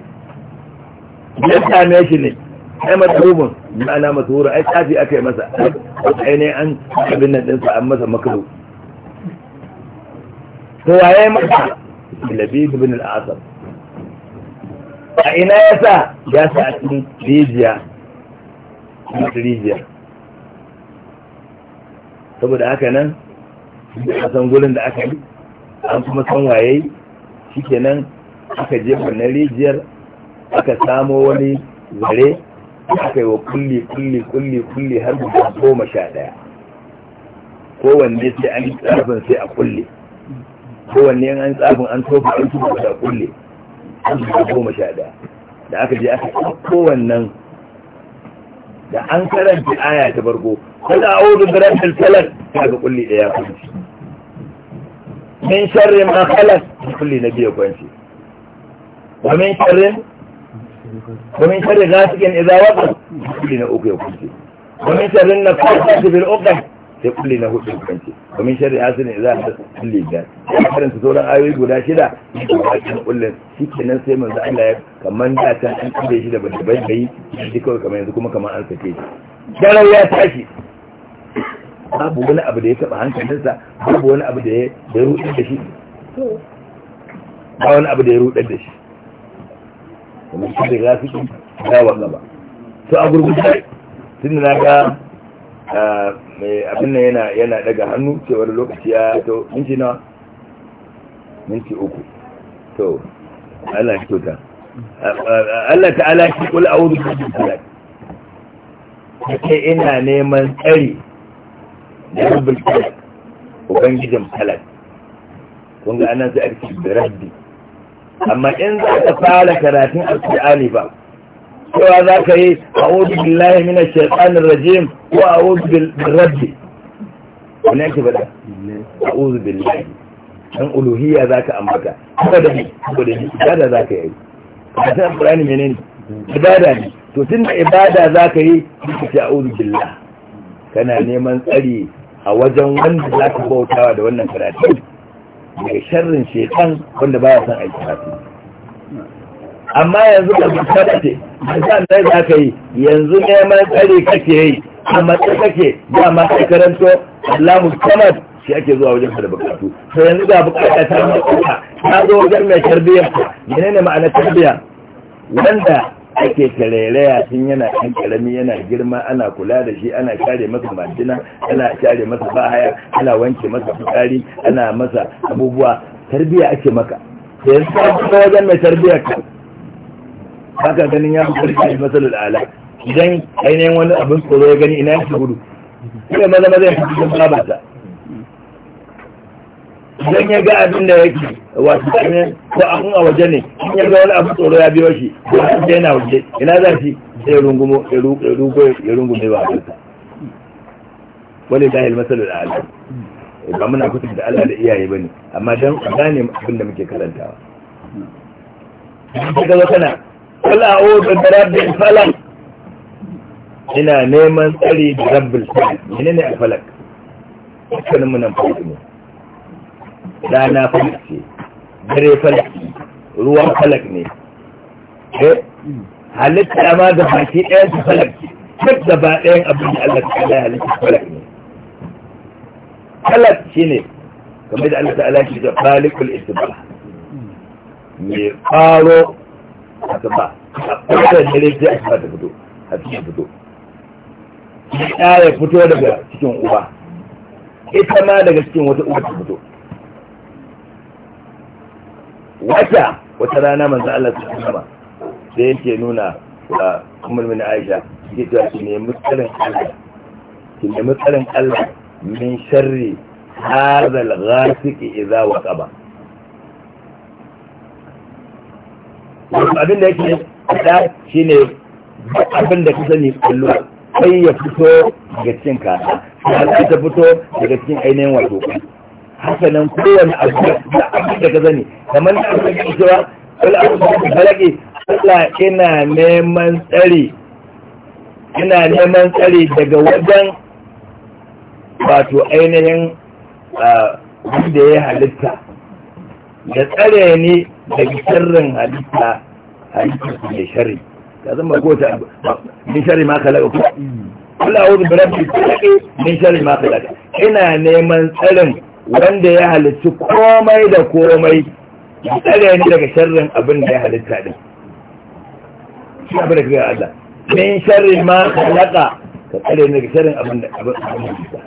ya same shi ne ai matsalubin ma'ana masuhura ai tsafi aka yi masa ai ne an abin nan ɗinsa an masa makaru to waye masa labib ibn al-asad a ina ya sa ya sa a cikin rijiya rijiya saboda haka nan a san gurin da aka yi an kuma san waye shi kenan aka jefa na rijiyar aka samo wani zare aka yi wa kulli kulli kulli kulli har da goma sha ɗaya kowanne sai an yi tsafin sai a kulle kowanne an tsafin an tofa an tuba a kulle har da goma sha ɗaya da aka je aka kowannan da an karanta aya ta barko kada a wurin biran filfilar ta ga kulli ɗaya kwanci min sharri ma khalas kulli na biya kwanci wa min sharri ومن شر غاسق إذا وقف يقول لنا أوكي وكنتي ومن شر النفاثات في العقد يقول لنا هو وكنتي ومن شر حاسد إذا حسد كل ذات karin su sauran ayoyi guda shida cikin kullun shi kenan sai manzo Allah ya kaman da ta an kube shi da babban bai shi kawai yanzu kuma kamar an sake shi darau ya tashi babu wani abu da ya taba hankalinsa babu abu da ya rudar da shi kamar shi da rafiki ya wanda ba su a gurgurta tun na ga mai abin na yana daga hannu cewar lokaci ya to minti nawa minti uku to Allah ya kyauta Allah ta'ala shi kula a wurin da kai ina neman tsari da rubul talak ubangijin talak kun ga a amma in za ka fara karatun alƙur'ani ba cewa za ka yi a obi billahi mina shaitanin rajim ko a obi rabbi wani ake bada a obi billahi ɗan uluhiya za ka ambata ko da yi ko da ibada za ka yi karatun alƙur'ani mene ne ibada ne to tun da ibada za ka yi ka ce a obi billah kana neman tsari a wajen wanda za ka bautawa da wannan karatun mai sharrin shekan wanda baya son aiki hafi amma yanzu ka da ce musan da za ka yi yanzu neman tsari kake yi a matsayi kake ma ka karanto Allah kamar shi ake zuwa wajen da bukatu sai yanzu ga bukata ta mutuwa ta zo wajen mai tarbiyyar ta menene ma'anar tarbiyya wanda ake karairaya sun yana ɗan karami yana girma ana kula da shi ana share masa majina ana share masa bahaya ana wanke masa fitsari ana masa abubuwa tarbiya ake maka da yanzu ta kuma wajen mai tarbiyyar ka haka ganin ya fi karfi masalar al'ala idan ainihin wani abin tsoro ya gani ina ya gudu kuma maza maza ya fi cikin idan ya ga abin da yake wasu tsanin ko abin a waje ne in ya ga wani abu tsoro ya biyo shi a sai yana waje ina za shi sai rungumo ya rungume ba a kusa wani ta yi masalar da Allah eh, ba muna kusa da Allah da iyaye ba ne amma don gane abin da muke karantawa ka zo kana kula a ozu da rabin falak ina neman tsari da rabin falak ne a falak dukkanin munan falak dana falak dare falak ruwan falak ne eh? halitta ma da baki ɗayan su falak duk da ba ɗayan abin da Allah ta ala halitta falak ne falak shi ne kamar da Allah ala shi da falikul isba mai faro a gaba a ɓangaren dare sai a gaba ta fito a cikin fito ya fito daga cikin uba ita ma daga cikin wata uba ta fito wata wata rana manzo Allah su kuma sai yake nuna wa kumul min Aisha ki ta ki nemi tsarin Allah ki nemi tsarin Allah min sharri hadha al-ghasiq idza waqaba abin da yake da shine abin da kusa ne kullu sai ya fito daga cikin kasa sai ta fito daga cikin ainihin wato haka nan kowane abu da abu da ka zani kamar da aka yi cewa wani abu da halage Allah ina neman tsari ina neman tsari daga wajen wato ainihin wanda ya halitta da tsare ne daga sharrin halitta halitta su ne shari ka zama ko mm. abu min shari ma kalaka kuma Allah wuzu bi rabbi kulli min shari ma kalaka ina neman tsarin wanda ya halitta komai da komai ya tsare ni daga sharrin abin da ya halitta din shi abin da kaga Allah min sharrin ma halaka ka tsare ni daga sharrin abin da abin da halitta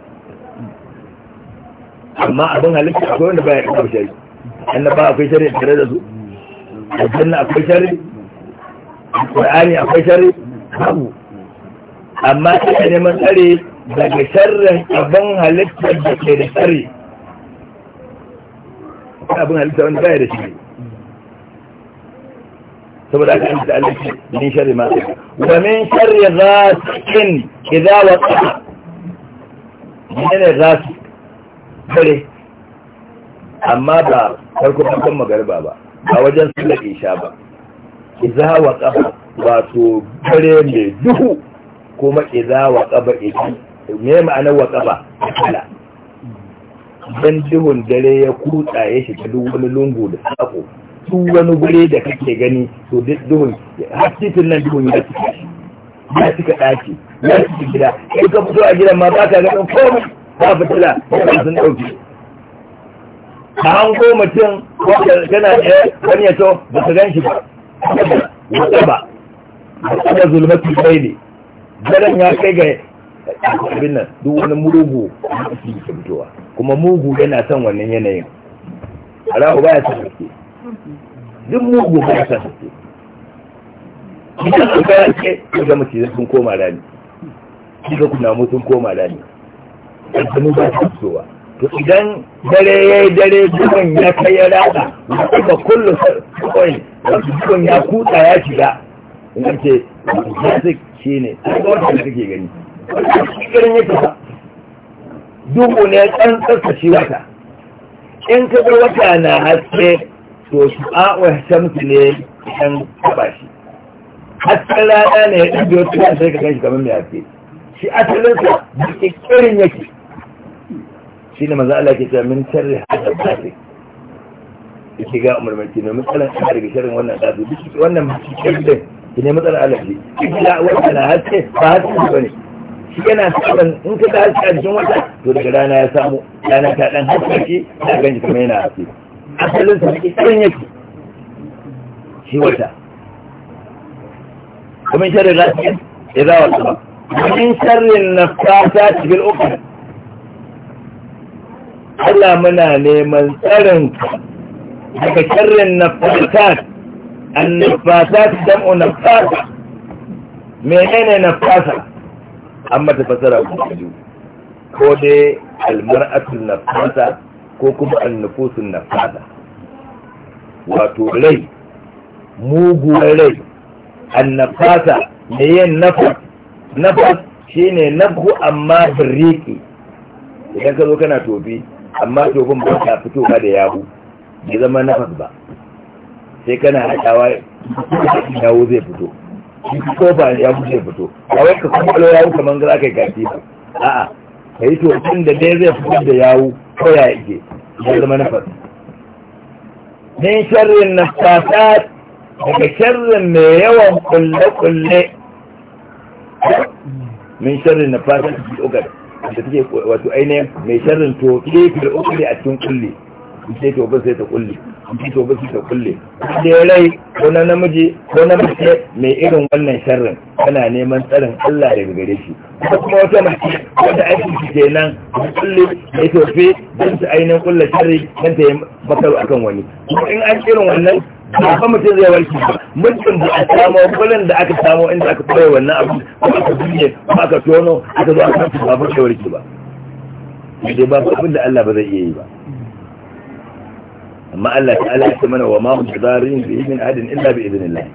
amma abin halitta akwai wanda baya da shari ba akwai shari tare da su aljanna akwai shari alqur'ani akwai shari babu amma ina neman tsare daga sharrin abin halitta da ke da tsare wani abin halitta wanda baya da shi saboda aka yi shari masu min sharri ma wa min sharri rasikin idza waqa ne rasi bare amma ba farko farkon magarba ba a wajen sallar isha ba idza waqa wato bare mai duhu kuma idza waqa ba idan me ma'anar waqa ba kala idan duhun dare ya kuta ya shiga duk wani lungu da sako duk wani gure da kake gani to duhun har titin nan duhun ya cika shi ya cika ɗaki ya cika gida in ka fito a gidan ma ba ka ga ɗan komai ba fitila ba sun ɗauki ka hango mutum kana da wani ya to ba ka gan shi ba wata ba wata da zulmatu bai ne daren ya kai ga abin nan duk wani murugu a cikin fitowa kuma mugu yana son wannan yanayin rahu baya san suke duk mugu baya san suke idan su baya ce ga mace sun koma rani kika kuna mu sun koma rani aljanu ba su fitowa to idan dare ya yi dare dukan ya kai ya rada da kullum kawai wasu dukan ya kuta ya shiga in ce ya shi ne a kawai da suke gani ƙirin ya tafa duhu ne ɗan tsarkaci wata in ka ga wata na haske to su a a'uwa shamsu ne ɗan taɓa shi hasken rana ne ya ɗabi wata ya sai ka gan shi kamar mai haske shi sa da ƙirin yake shi ne maza Allah ke cewa min sharri hada da yake ga umarmaki ne matsalar ana daga shirin wannan ɗazu duk wannan masu kirin da ne matsalar alaji ila wata na haske ba haske ba ne shi yana samun in ka ta haske a jikin wata to daga rana ya samu rana ta dan haske shi ta ganji kamar yana haske asalin sa shi tsarin yake shi wata kuma shi da rafi ya za wa sama min sharrin fata cikin ukun Allah muna neman tsarin daga sharrin nafata annafata dam'u nafata menene nafata an mata fasara ku biyu ko dai almar'atun nafasa ko kuma annufusun nafasa wato rai muguwar rai annafasa ne yin nafas nafas shine nafu amma birriki idan ka zo kana tobi, amma tofin ba fito ba da yahu bai zama nafas ba sai kana haɗawa yahu zai fito shi ko ba ya fice fito a wai kuma lo yawo kaman ga kai kafi ba a'a kai to tun da dai zai fitar da yawo ko ya yake ya zama na fadi min sharrin nafasat daga sharrin mai yawan kulle kulle min sharrin nafasat fi ugar da take wato ainihin mai sharrin to ke fil ugar a cikin kulle sai ba sai ta kulle sai ba sai ta kulle da ya rai ko na namiji ko na mace mai irin wannan sharrin kana neman tsarin Allah daga gare shi ko kuma wata mace wanda aiki shi kenan kulle ya tofe don ta ainihin kulle sharri don ta yi bakar akan wani ko in an irin wannan ba fa mutum zai warke ba mutum da a samu kullun da aka samu inda aka koya wannan abu ko aka duniya ko aka tono aka zo aka ba fa warke ba sai ba abin da Allah ba zai iya yi ba amma Allah ta Allah ta mana wa ma hum bidarin bi idin adin illa bi idinillah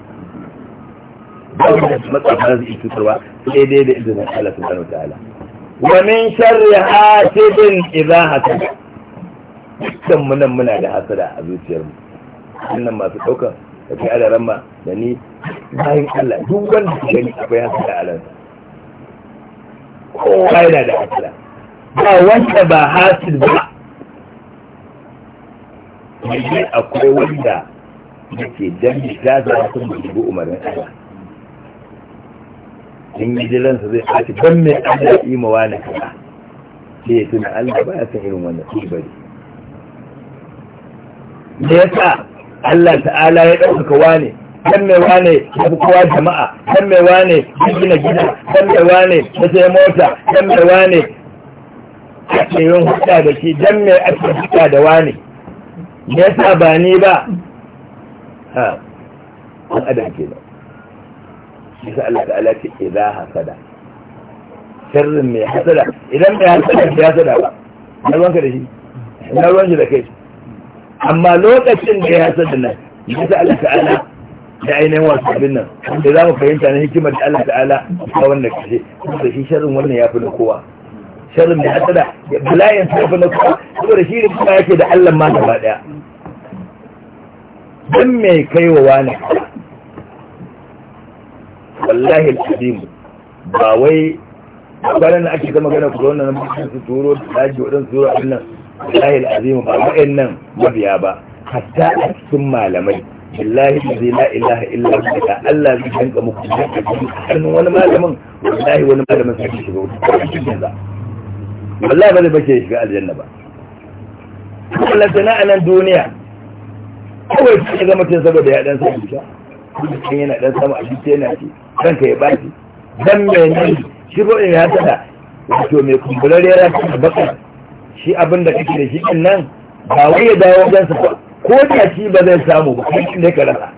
ba mu da matsafa zai cutarwa sai dai da idinin Allah subhanahu ta'ala. wa min sharri hasidin idha hasad dukkan mu nan muna da hasada a zuciyarmu wannan masu daukar da kai alaran ma da ni bayan Allah duk wanda ke gani akwai hasada a ransa kowa yana da hasada ba wanda ba hasid ba mai akwai wanda yake dan ta za su mutu umarin Allah Sun yi jilansa zai ɓaci ban mai Allah yi ma wani kaza sai ya tuna Allah ba ya san irin wannan su bari me yasa Allah ta'ala ya ɗaukaka wane dan mai wane ya fi kowa jama'a dan mai wane ya gina gida dan mai wane ya sai mota dan mai wane ake yin hudda da shi dan mai ake hudda da wane ya sa ba ni ba ha an adam ke da shi sa Allah ta'ala ce idza hasada sirrin mai hasada idan mai hasada ya hasada ba na ruwanka da shi na ruwan shi da kai amma lokacin da ya hasada nan ya sa Allah ta'ala da ainihin wasu abin nan da za mu fahimta na hikimar da Allah ta'ala a wannan kashe da shi sharrin wannan ya fi na kowa sharrin mai hasada bala'in sa fi na kowa saboda shi ne kuma yake da Allah ma gaba daya don mai kaiwa wani wallahi al'adimu ba wai kwanan ake ta magana ku zaune na mutum su turo da daji waɗansu su a nan wallahi al'adimu ba ma'in nan mabiya ba hatta a cikin malamai billahi zai la ilaha illa da Allah zai danka muku da kake hannun wani malamin wallahi wani malamin sai shi zo wallahi ba zai bace shiga aljanna ba Allah tana a nan duniya kawai sai ya zama tun saboda ya dan sa duka duka yana dan sama a duka yana ce ranka ya baki dan mai nan shi ko ya tada wato mai kumbular ya rasa da baka shi abin da kake da shi din nan ba wai ya dawo wajen sa ko da shi ba zai samu ba kai ne ka rasa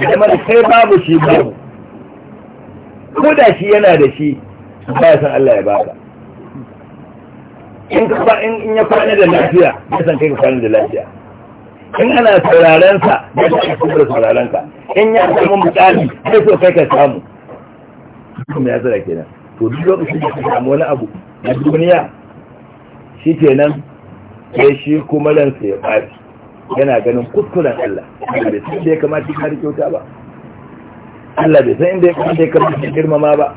kuma kai babu shi babu ko da shi yana da shi ba san Allah ya baka in ya kwana da lafiya ya san kai ka kwana da lafiya in ana sauraren sa ya san kai kuma sauraren ka in ya samu misali ya so kai ka samu kuma ya zara kenan to duk lokacin da ka samu wani abu na duniya shi kenan sai shi kuma ransa ya ɓaci yana ganin kuskuren Allah bai san da ya kamata ka kyauta ba Allah bai san inda ya kamata ya girmama ba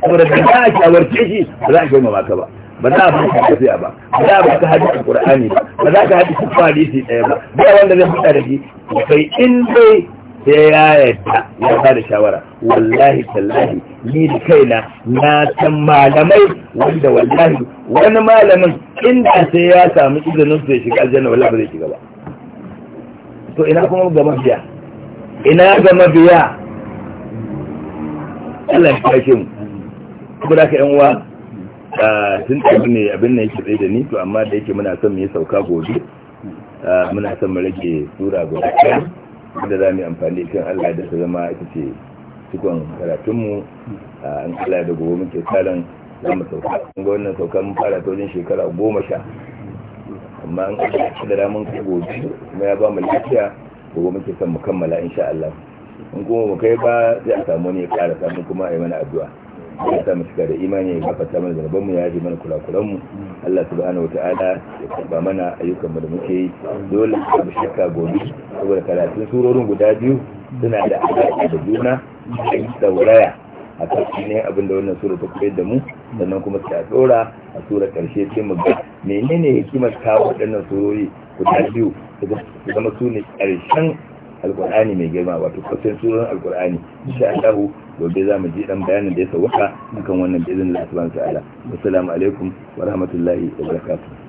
saboda da za a kyawarce shi ba za a girmama ka ba ba za a fuka tafiya ba ba za a baka a qur'ani ba ba za ka cikin hadisi ɗaya ba ba wanda zai fuka da shi kai in dai sai ya yadda ya ba da shawara wallahi tallahi ni da kaina na san malamai wanda wallahi wani malamin inda sai ya samu izinin su ya shiga aljanna wallahi ba zai shiga ba to ina kuma ga mafiya? ina ga mafiya? Allah ya kashe mu kuma da ka yan uwa tun tafi ne abin da yake tsaye da ni to amma da yake muna son mu yi sauka gobe muna son mu rage sura gobe da za mu amfani kan Allah da su zama ita ce cikon karatunmu an kala da gobe muke tsarin za mu sauka an ga wannan sauka mun fara ta wajen shekara goma sha amma an shi da ramin gobe kuma ya ba mu lafiya gobe muke son mu kammala insha Allah in kuma mu kai ba sai a samu ne ya ƙara samu kuma a yi mana addu'a ya sa mu shiga da imani ya fata mana zarban mu ya ji mana kurakuran mu Allah subhanahu wataala ya karba mana ayyukan mu da muke yi dole ka bi shakka gobe saboda karatun surorin guda biyu suna da alaƙa da juna da tsauraya a kan ne abin da wannan sura ta koyar da mu sannan kuma ta tsora a sura karshe sai mu ga menene hikimar kawo waɗannan surori guda biyu da zama su ne ƙarshen alkur'ani mai girma wato kusan suran alkur'ani insha Allah gobe za mu ji dan bayanin da ya sauka akan wannan bizin Allah subhanahu wa ta'ala assalamu alaikum wa rahmatullahi wa barakatuh